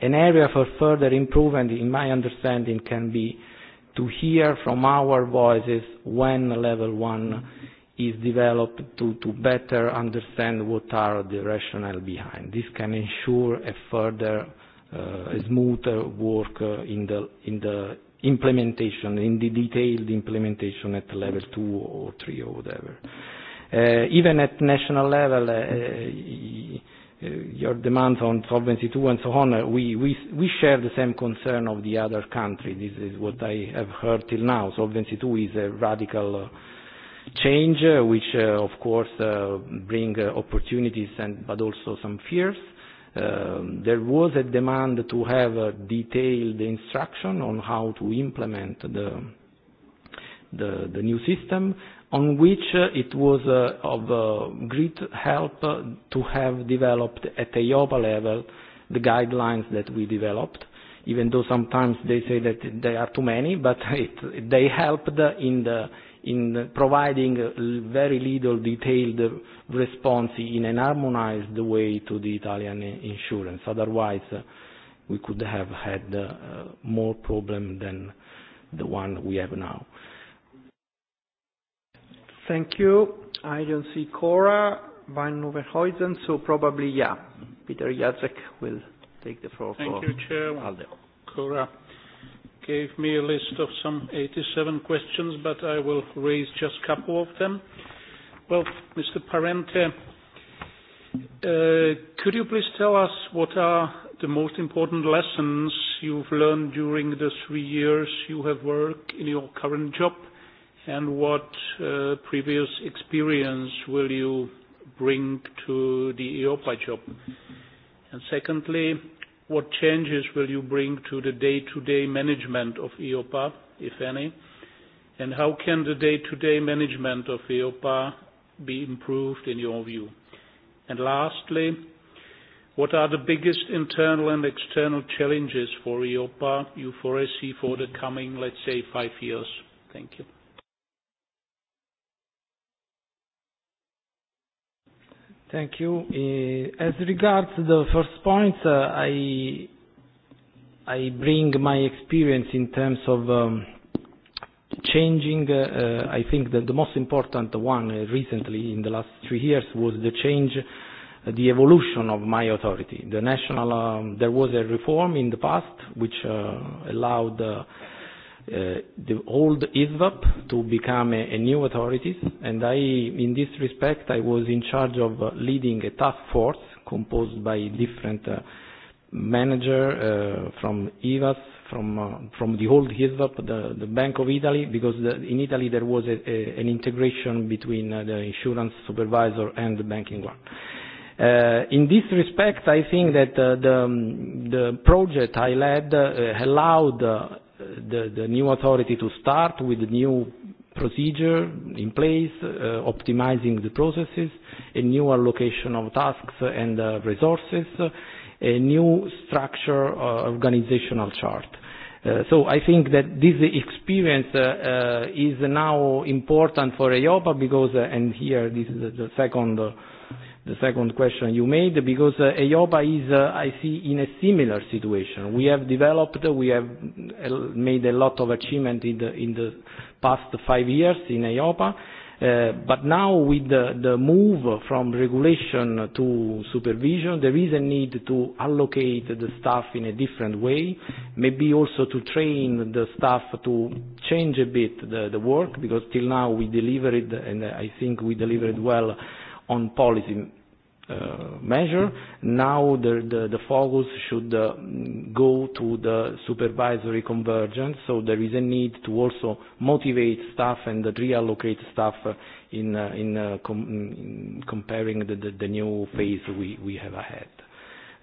an area for further improvement, in my understanding, can be uh, to hear from our voices when level one is developed to, to better understand what are the rationale behind. This can ensure a further, uh, a smoother work uh, in, the, in the implementation, in the detailed implementation at level two or three or whatever. Uh, even at national level, uh, uh, your demands on Solvency II and so on, uh, we, we, we share the same concern of the other country. This is what I have heard till now. Solvency II is a radical uh, change, uh, which uh, of course uh, bring uh, opportunities and, but also some fears. Um, uh, there was a demand to have a detailed instruction on how to implement the, the, the new system on which uh, it was uh, of uh, great help uh, to have developed at a IOPA level the guidelines that we developed, even though sometimes they say that they are too many, but [laughs] it, they helped in, the, in providing very little detailed response in an harmonized way to the Italian insurance. Otherwise, uh, we could have had uh, more problem than the one we have now. Thank you. I don't see Cora van Overhuizen, so probably, yeah, Peter Jacek will take the floor. Thank for you, Chair. Alde. Cora gave me a list of some 87 questions, but I will raise just a couple of them. Well, Mr. Parente, uh, could you please tell us what are the most important lessons you've learned during the three years you have worked in your current job? and what uh, previous experience will you bring to the EOPA job? And secondly, what changes will you bring to the day-to-day -day management of EOPA, if any? And how can the day-to-day -day management of EOPA be improved in your view? And lastly, what are the biggest internal and external challenges for EOPA you foresee for the coming, let's say, five years? Thank you. Thank you. Uh, as regards the first point, uh, I, I bring my experience in terms of um, changing, uh, uh, I think that the most important one uh, recently in the last three years was the change, uh, the evolution of my authority. The national, um, there was a reform in the past which uh, allowed uh, Uh, the old ISVAP to become a, a new authorities and I, in this respect I was in charge of uh, leading a task force composed by different uh, manager uh, from IVAS, from, uh, from the old ISVAP, the, the Bank of Italy, because the, in Italy there was a, a, an integration between uh, the insurance supervisor and the banking one. Uh, in this respect, I think that uh, the, um, the project I led uh, allowed uh, the, the new authority to start with the new procedure in place, uh, optimizing the processes, a new allocation of tasks and uh, resources, a new structure, uh, organizational chart. Uh, so I think that this experience uh, uh, is now important for EIOPA because, uh, and here this is the second uh, the second question you made, because uh, EIOPA is, uh, I see, in a similar situation. We have developed, we have uh, made a lot of achievement in the, in the past five years in EIOPA, Uh, but now with the, the move from regulation to supervision, there is a need to allocate the staff in a different way, maybe also to train the staff to change a bit the, the work, because till now we delivered, and I think we delivered well, on policy uh, measure. Now the, the, the focus should uh, go to the supervisory convergence, so there is a need to also motivate staff and reallocate staff uh, in, uh, in, uh, com in comparing the, the, the new phase we, we have ahead.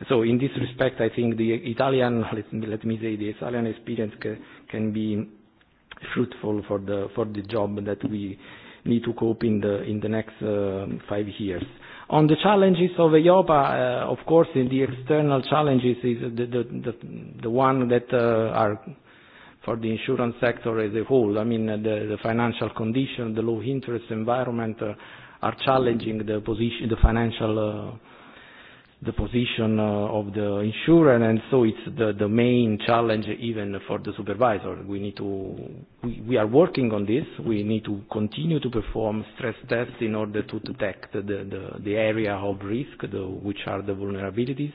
So in this respect, I think the Italian, [laughs] let me, let me say, the Italian experience ca can be fruitful for the, for the job that we need to cope in the, in the next uh, five years. On the challenges of EIOPA, uh, of course, in the external challenges is the, the, the, the one that uh, are for the insurance sector as a whole. I mean, the, the financial condition, the low interest environment uh, are challenging the position, the financial uh, the position uh, of the insurer and so it's the, the main challenge even for the supervisor. We need to, we, we are working on this, we need to continue to perform stress tests in order to detect the, the, the area of risk, the, which are the vulnerabilities,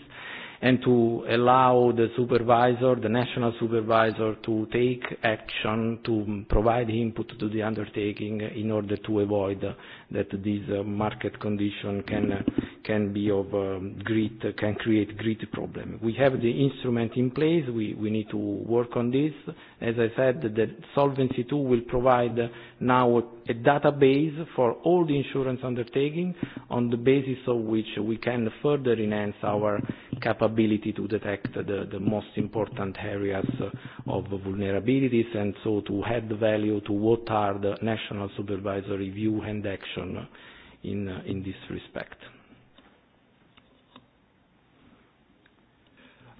and to allow the supervisor, the national supervisor to take action to provide input to the undertaking in order to avoid that these uh, market condition can uh, can be of um, great uh, can create great problem. We have the instrument in place. We we need to work on this. As I said, the Solvency II will provide now a, a database for all the insurance undertaking on the basis of which we can further enhance our capability to detect the, the most important areas of vulnerabilities and so to add value to what are the national supervisory view and action action in, uh, in this respect.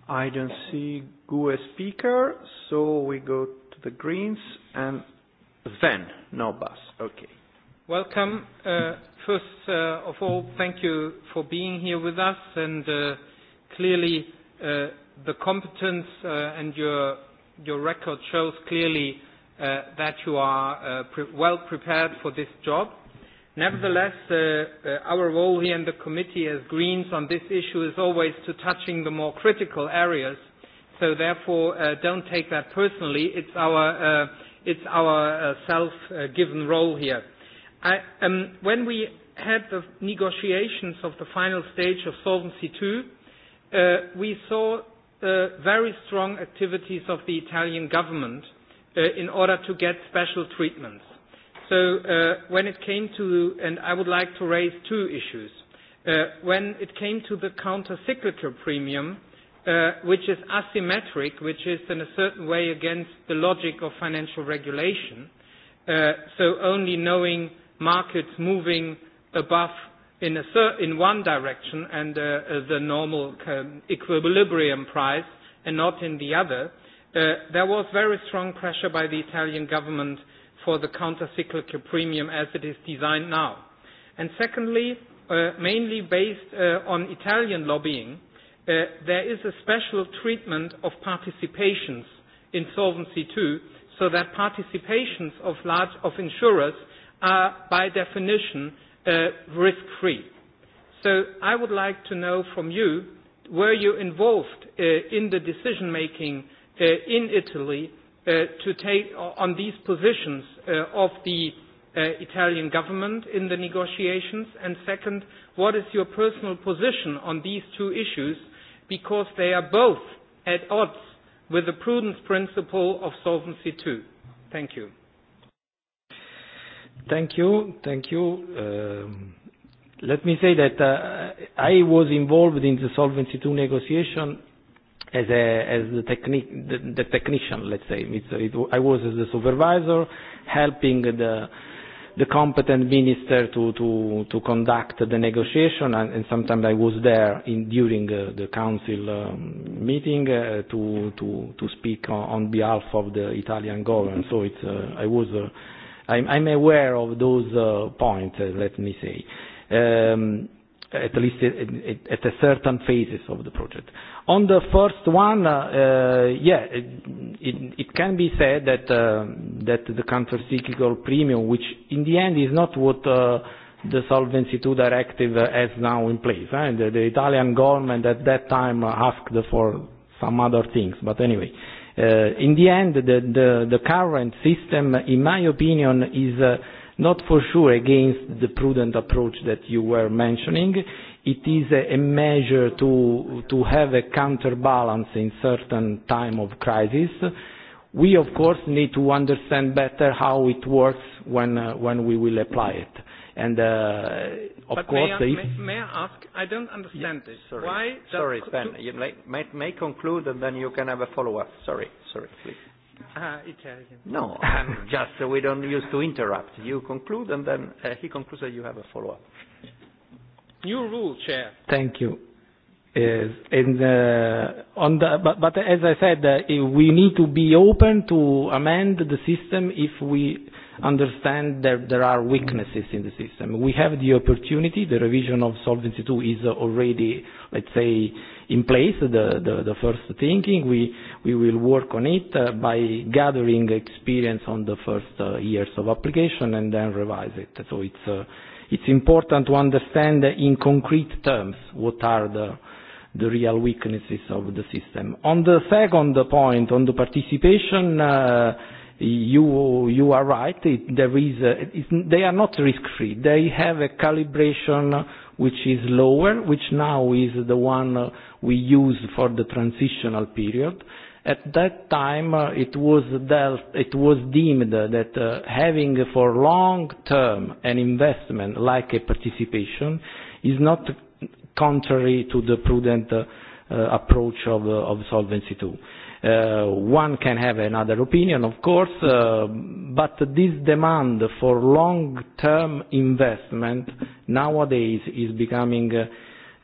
I don't see GUE speaker, so we go to the Greens and then no bus. Okay. Welcome. Uh, first uh, of all, thank you for being here with us and uh, clearly uh, the competence uh, and your, your record shows clearly uh, that you are uh, pre well prepared for this job. Nevertheless, uh, uh, our role here in the committee as Greens on this issue is always to touching the more critical areas. So therefore, uh, don't take that personally. It's our, uh, it's our uh, self-given role here. I, um, when we had the negotiations of the final stage of Solvency II, uh, we saw uh, very strong activities of the Italian government uh, in order to get special treatments. So uh, when it came to, and I would like to raise two issues. Uh, when it came to the counter-cyclical premium, uh, which is asymmetric, which is in a certain way against the logic of financial regulation, uh, so only knowing markets moving above in, a in one direction and uh, uh, the normal um, equilibrium price and not in the other, uh, there was very strong pressure by the Italian government uh, for the countercyclical premium as it is designed now. And secondly, uh, mainly based uh, on Italian lobbying, uh, there is a special treatment of participations in Solvency II so that participations of, large, of insurers are by definition uh, risk-free. So I would like to know from you, were you involved uh, in the decision-making uh, in Italy uh, to take uh, on these positions uh, of the uh, Italian government in the negotiations? And second, what is your personal position on these two issues because they are both at odds with the prudence principle of Solvency too. Thank you. Thank you. Thank you. Um, let me say that uh, I was involved in the Solvency II negotiation as a as the technique the, the technician let's say it's, it, I was as the supervisor helping the the competent minister to to to conduct the negotiation and, and sometimes I was there in during uh, the council um, meeting uh, to to to speak on, on behalf of the Italian government so it's uh, I was uh, I'm, I'm aware of those uh, points uh, let me say um, at least at, at, at a certain phases of the project On the first one, uh, yeah, it, it, it can be said that, uh, that the countercyclical premium, which in the end is not what uh, the Solvency II directive uh, has now in place. Eh? The, the Italian government at that time uh, asked for some other things, but anyway. Uh, in the end, the, the, the current system, in my opinion, is uh, not for sure against the prudent approach that you were mentioning it is a, a measure to, to have a counterbalance in certain time of crisis. We, of course, need to understand better how it works when, uh, when we will apply it. And, uh, of but course, may I, if... May, may I ask, I don't understand yeah, this. Sorry, Why sorry Sven, you may, may may conclude and then you can have a follow-up. Sorry, sorry, please. Uh Italian. No, um [laughs] just, so uh, we don't use to interrupt. You conclude and then uh, he concludes that you have a follow-up. New rule, Chair. Thank you. Yes, and uh, on the, but, but as I said, uh, we need to be open to amend the system if we understand that there are weaknesses in the system. We have the opportunity, the revision of Solvency II is already, let's say, in place, the, the, the first thinking. We, we will work on it uh, by gathering experience on the first uh, years of application and then revise it. So it's, uh, It's important to understand in concrete terms what are the, the real weaknesses of the system. On the second point, on the participation, uh, you, you are right. It, there is a, it's, they are not risk-free. They have a calibration which is lower, which now is the one we use for the transitional period At that time, uh, it, was dealt, it was deemed that uh, having for long term an investment like a participation is not contrary to the prudent uh, uh, approach of, uh, of Solvency II. Uh, one can have another opinion, of course, uh, but this demand for long-term investment nowadays is becoming uh,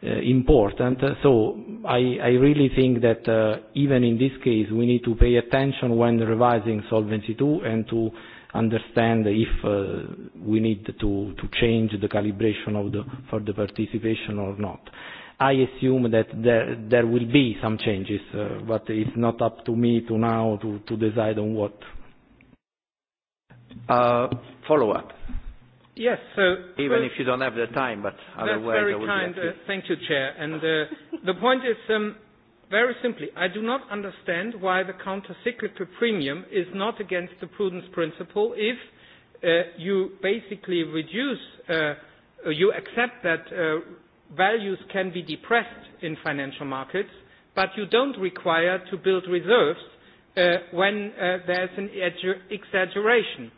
uh, important. So I, I really think that uh, even in this case we need to pay attention when revising Solvency II and to understand if uh, we need to, to change the calibration of the, for the participation or not. I assume that there, there will be some changes, uh, but it's not up to me to now to, to decide on what. Uh, follow up. Yes, so... Uh, Even well, if you don't have the time, but otherwise... That's very kind. Uh, thank you, Chair. And uh, [laughs] the point is, um, very simply, I do not understand why the counter-cyclical premium is not against the prudence principle if uh, you basically reduce, uh, uh you accept that uh, values can be depressed in financial markets, but you don't require to build reserves uh, when uh, there's an exaggeration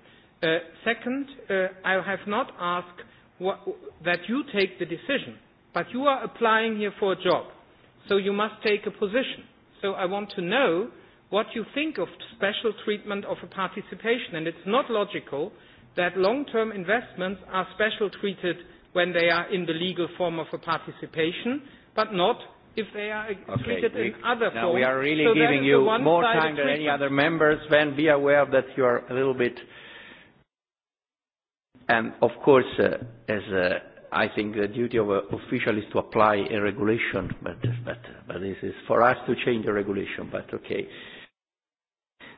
Uh, second, uh, I have not asked what, that you take the decision, but you are applying here for a job, so you must take a position. So I want to know what you think of special treatment of a participation, and it's not logical that long-term investments are special treated when they are in the legal form of a participation, but not if they are okay, treated we, in other now forms. We are really so giving you more time than any other members. Sven, be aware that you are a little bit And of course, uh, as uh, I think the duty of an official is to apply a regulation, but, but, uh, but this is for us to change the regulation, but okay.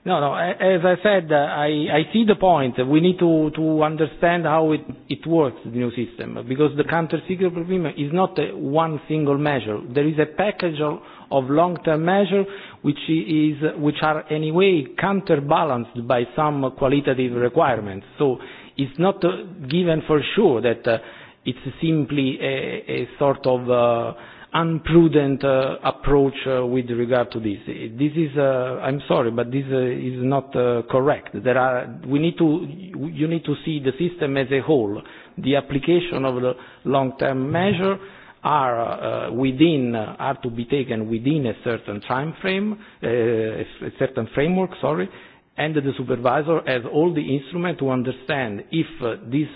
No, no, as I said, uh, I, I see the point. We need to, to understand how it, it works, the new system, because the counter secret agreement is not a one single measure. There is a package of, of long-term measures which, is, which are anyway counterbalanced by some qualitative requirements. So it's not uh, given for sure that uh, it's simply a, a sort of uh, unprudent uh, approach uh, with regard to this. This is, uh, I'm sorry, but this uh, is not uh, correct. There are, we need to, you need to see the system as a whole. The application of the long-term measure are uh, within, uh, are to be taken within a certain time frame, uh, a certain framework, sorry, and the supervisor has all the instruments to understand if uh, these,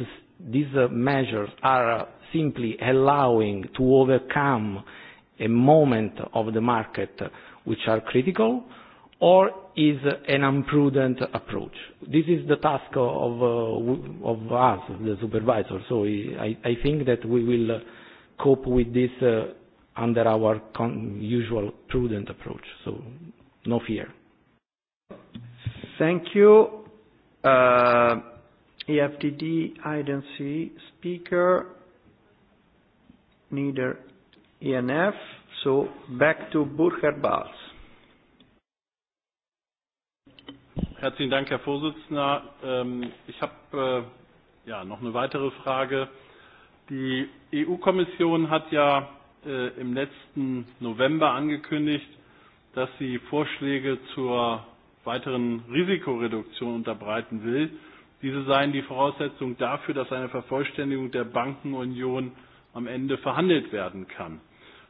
these uh, measures are uh, simply allowing to overcome a moment of the market uh, which are critical or is uh, an imprudent approach. This is the task of, uh, of us, the supervisor, so I, I think that we will uh, cope with this uh, under our con usual prudent approach, so no fear. Thank you. Uh, EFTD, I don't see speaker, neither ENF. So back to Burkhard Bals. Herzlichen Dank, Herr Vorsitzender. Ähm, ich habe äh, ja, noch eine weitere Frage. Die EU-Kommission hat ja äh, im letzten November angekündigt, dass sie Vorschläge zur weiteren Risikoreduktion unterbreiten will. Diese seien die Voraussetzung dafür, dass eine Vervollständigung der Bankenunion am Ende verhandelt werden kann.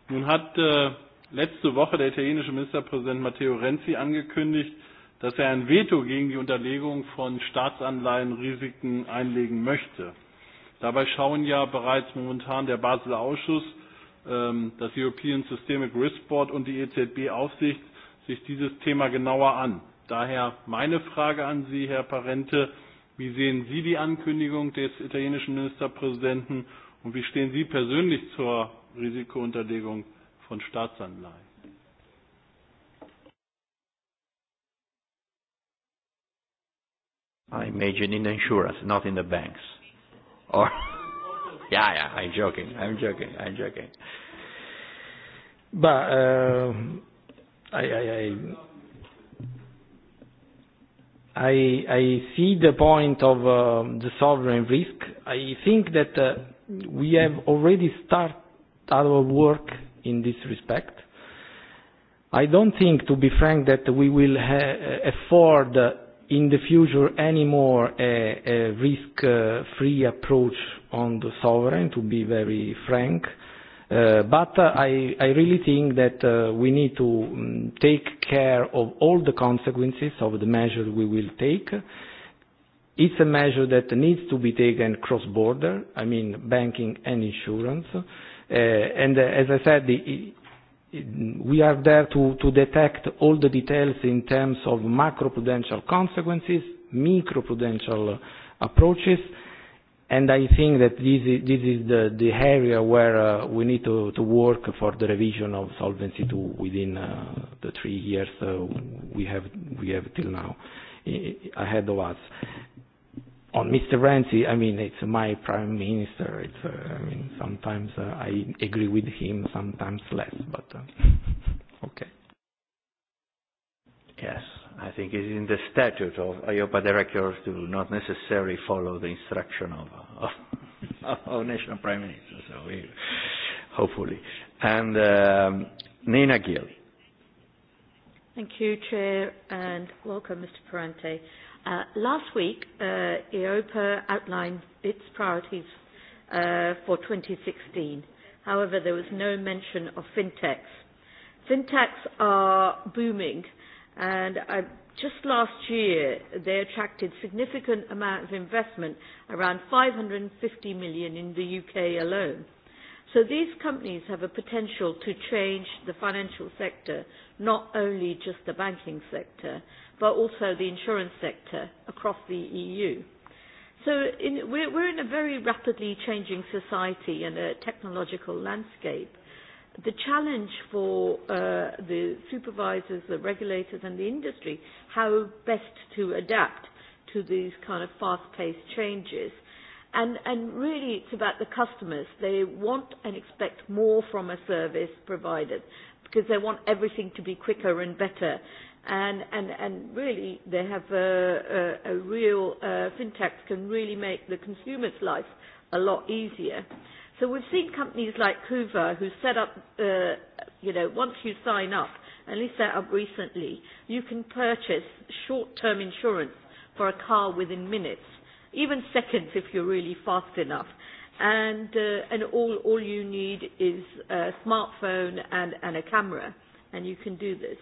Nun hat äh, letzte Woche der italienische Ministerpräsident Matteo Renzi angekündigt, dass er ein Veto gegen die Unterlegung von Staatsanleihenrisiken einlegen möchte. Dabei schauen ja bereits momentan der Basler Ausschuss, ähm, das European Systemic Risk Board und die EZB-Aufsicht sich dieses Thema genauer an. Daher meine Frage an Sie, Herr Parente. Wie sehen Sie die Ankündigung des italienischen Ministerpräsidenten und wie stehen Sie persönlich zur Risikounterlegung von Staatsanleihen? I imagine in insurance, not in the banks. Or, [laughs] yeah, yeah, I'm joking, I'm joking, I'm joking. But, uh, I, I, I, I, I see the point of uh, the sovereign risk. I think that uh, we have already started our work in this respect. I don't think, to be frank, that we will ha uh, afford uh, in the future any more a, uh, a risk-free approach on the sovereign, to be very frank. Uh, Uh, but uh, I, I really think that uh, we need to um, take care of all the consequences of the measure we will take. It's a measure that needs to be taken cross-border, I mean banking and insurance. Uh, and uh, as I said, the, it, we are there to, to detect all the details in terms of macroprudential consequences, microprudential approaches, And I think that this is, this is the, the area where uh, we need to, to work for the revision of Solvency II within uh, the three years uh, we, have, we have till now ahead of us. On Mr. Renzi, I mean, it's my prime minister. It's, uh, I mean, sometimes uh, I agree with him, sometimes less, but uh, [laughs] okay. Yes. I think it's in the statute of IOPA directors to not necessarily follow the instruction of, of, of national prime minister, so we, hopefully. And um, Nina Gill. Thank you, Chair, and welcome, Mr. Parente. Uh, last week, uh, EOPA outlined its priorities uh, for 2016. However, there was no mention of fintechs. Fintechs are booming And I, just last year, they attracted significant amount of investment, around 550 million in the UK alone. So these companies have a potential to change the financial sector, not only just the banking sector, but also the insurance sector across the EU. So in, we're, we're in a very rapidly changing society and a technological landscape the challenge for uh, the supervisors, the regulators and the industry, how best to adapt to these kind of fast-paced changes. And, and really it's about the customers. They want and expect more from a service provided because they want everything to be quicker and better. And, and, and really they have a, a, a real, uh, fintech can really make the consumer's life a lot easier. So we've seen companies like Hoover who set up, uh, you know, once you sign up, at least set up recently, you can purchase short-term insurance for a car within minutes, even seconds if you're really fast enough. And, uh, and all, all you need is a smartphone and, and a camera, and you can do this.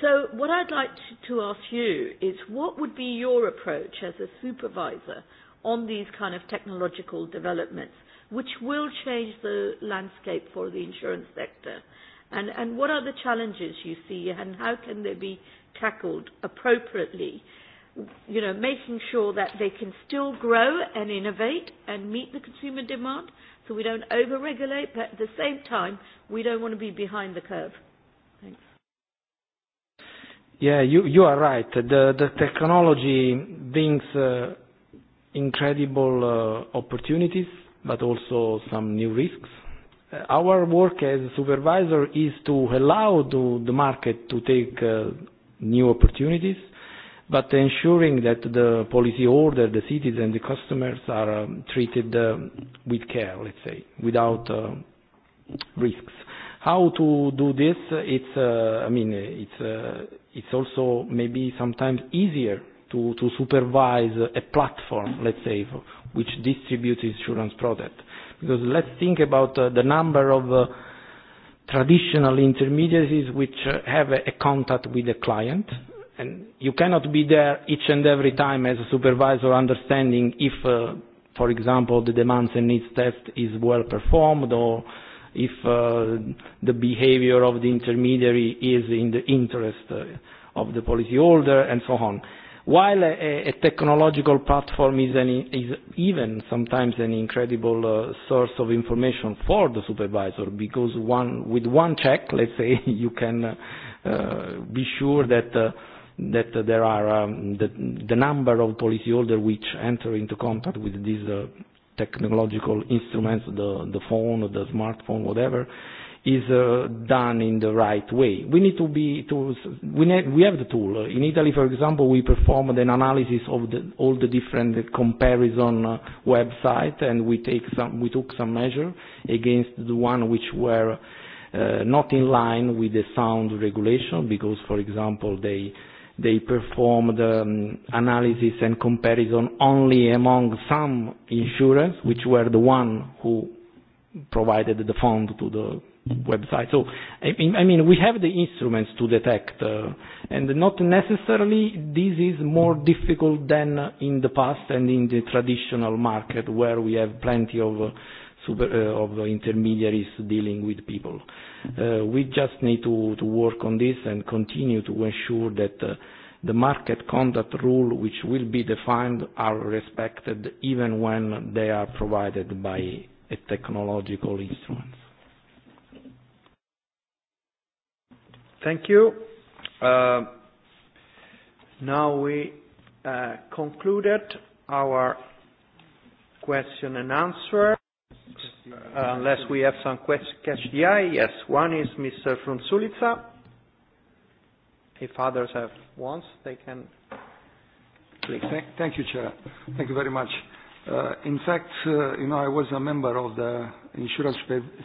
So what I'd like to, to ask you is what would be your approach as a supervisor on these kind of technological developments? which will change the landscape for the insurance sector? And, and what are the challenges you see and how can they be tackled appropriately? You know, making sure that they can still grow and innovate and meet the consumer demand so we don't over-regulate, but at the same time, we don't want to be behind the curve. Thanks. Yeah, you, you are right. The, the technology brings uh, incredible uh, opportunities but also some new risks. Uh, our work as a supervisor is to allow to the market to take uh, new opportunities, but ensuring that the policy order, the cities and the customers are um, treated um, with care, let's say, without uh, risks. How to do this? It's, uh, I mean, it's, uh, it's also maybe sometimes easier to, to supervise a platform, let's say, for, which distributes insurance product. Because let's think about uh, the number of uh, traditional intermediaries which uh, have a, a contact with the client. And you cannot be there each and every time as a supervisor understanding if, uh, for example, the demands and needs test is well performed or if uh, the behavior of the intermediary is in the interest uh, of the policyholder and so on. While a, a technological platform is, an, is even sometimes an incredible uh, source of information for the supervisor because one, with one check, [laughs] let's say, you can uh, uh, be sure that uh, that there are um, the, the number of policyholders which enter into contact with these uh, technological instruments, the, the phone, or the smartphone, whatever, is uh, done in the right way. We need to be, to, we, ne we have the tool. In Italy, for example, we performed an analysis of the, all the different comparison uh, websites and we, take some, we took some measure against the one which were uh, not in line with the sound regulation because, for example, they they performed um, analysis and comparison only among some insurers, which were the one who provided the fund to the website. So, I mean, I mean, we have the instruments to detect, uh, and not necessarily this is more difficult than in the past and in the traditional market where we have plenty of uh, super, uh, of intermediaries dealing with people. Uh, we just need to, to work on this and continue to ensure that uh, the market conduct rule which will be defined are respected even when they are provided by a technological instruments. Thank you. Uh, now we uh, concluded our question and answer. Uh, unless we have some questions, catch the eye. Yes, one is Mr. Frunzulica. If others have wants, they can. Please. Thank, thank you, Chair. Thank you very much. Uh, in fact, uh, you know, I was a member of the Insurance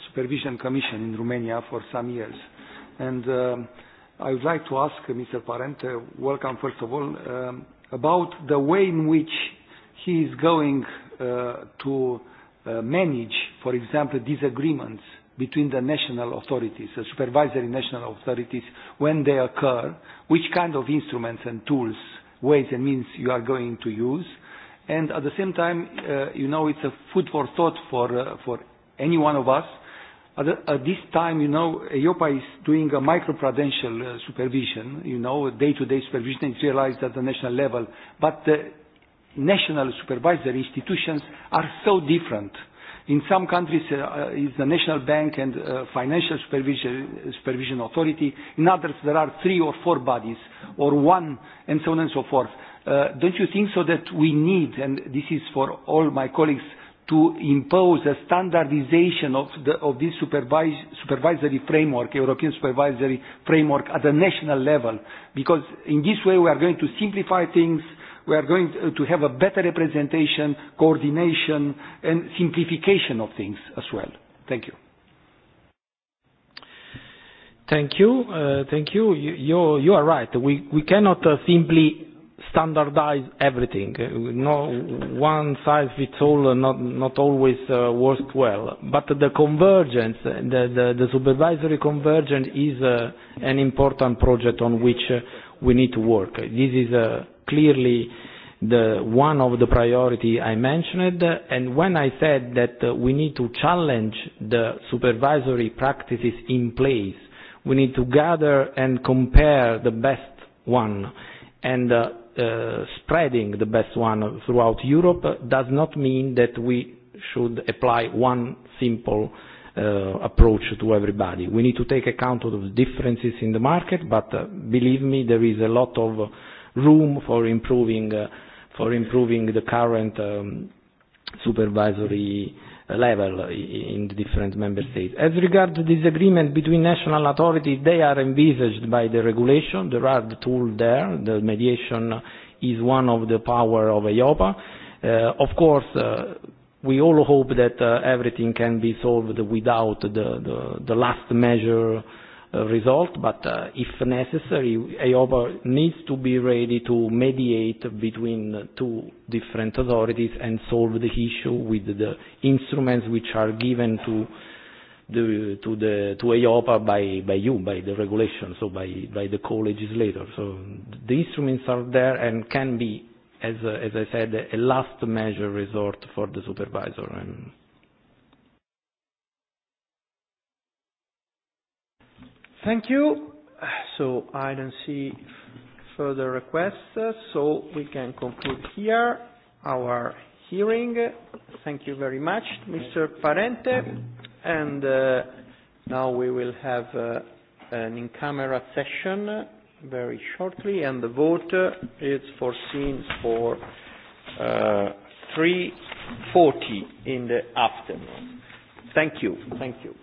Supervision Commission in Romania for some years. And um, I would like to ask uh, Mr. Parente, welcome first of all, um, about the way in which he is going uh, to uh, manage, for example, disagreements between the national authorities, the supervisory national authorities, when they occur, which kind of instruments and tools, ways and means you are going to use. And at the same time, uh, you know, it's a food for thought for, uh, for any one of us At, at this time, you know, EIOPA is doing a microprudential uh, supervision, you know, day-to-day -day supervision is realized at the national level, but the national supervisory institutions are so different. In some countries, uh, uh, is the National Bank and uh, Financial Supervision, Supervision Authority. In others, there are three or four bodies, or one, and so on and so forth. Uh, don't you think so that we need, and this is for all my colleagues, to impose a standardization of, the, of this supervise, supervisory framework, European supervisory framework at the national level. Because in this way we are going to simplify things, we are going to have a better representation, coordination and simplification of things as well. Thank you. Thank you. Uh, thank you. You, you. you are right. We, we cannot uh, simply standardize everything. No one size fits all uh, not, not always uh, works well. But the convergence, uh, the, the, the supervisory convergence is uh, an important project on which uh, we need to work. This is uh, clearly the one of the priority I mentioned and when I said that uh, we need to challenge the supervisory practices in place, we need to gather and compare the best one and uh, uh, spreading the best one throughout Europe does not mean that we should apply one simple uh, approach to everybody. We need to take account of the differences in the market, but uh, believe me, there is a lot of room for improving, uh, for improving the current um, supervisory uh, level in the different member states. As regards the disagreement between national authorities, they are envisaged by the regulation. There are the tools there. The mediation is one of the power of EIOPA. Uh, of course, uh, we all hope that uh, everything can be solved without the, the, the last measure result, but uh, if necessary, EIOPA needs to be ready to mediate between two different authorities and solve the issue with the instruments which are given to the, to the to EIOPA by, by you, by the regulation, so by, by the co-legislator. So the instruments are there and can be, as, uh, as I said, a last measure resort for the supervisor. And, Thank you. So I don't see further requests, uh, so we can conclude here our hearing. Thank you very much, Mr. Parente. And uh, now we will have uh, an in-camera session very shortly, and the vote uh, is foreseen for uh, 3.40 in the afternoon. Thank you. Thank you.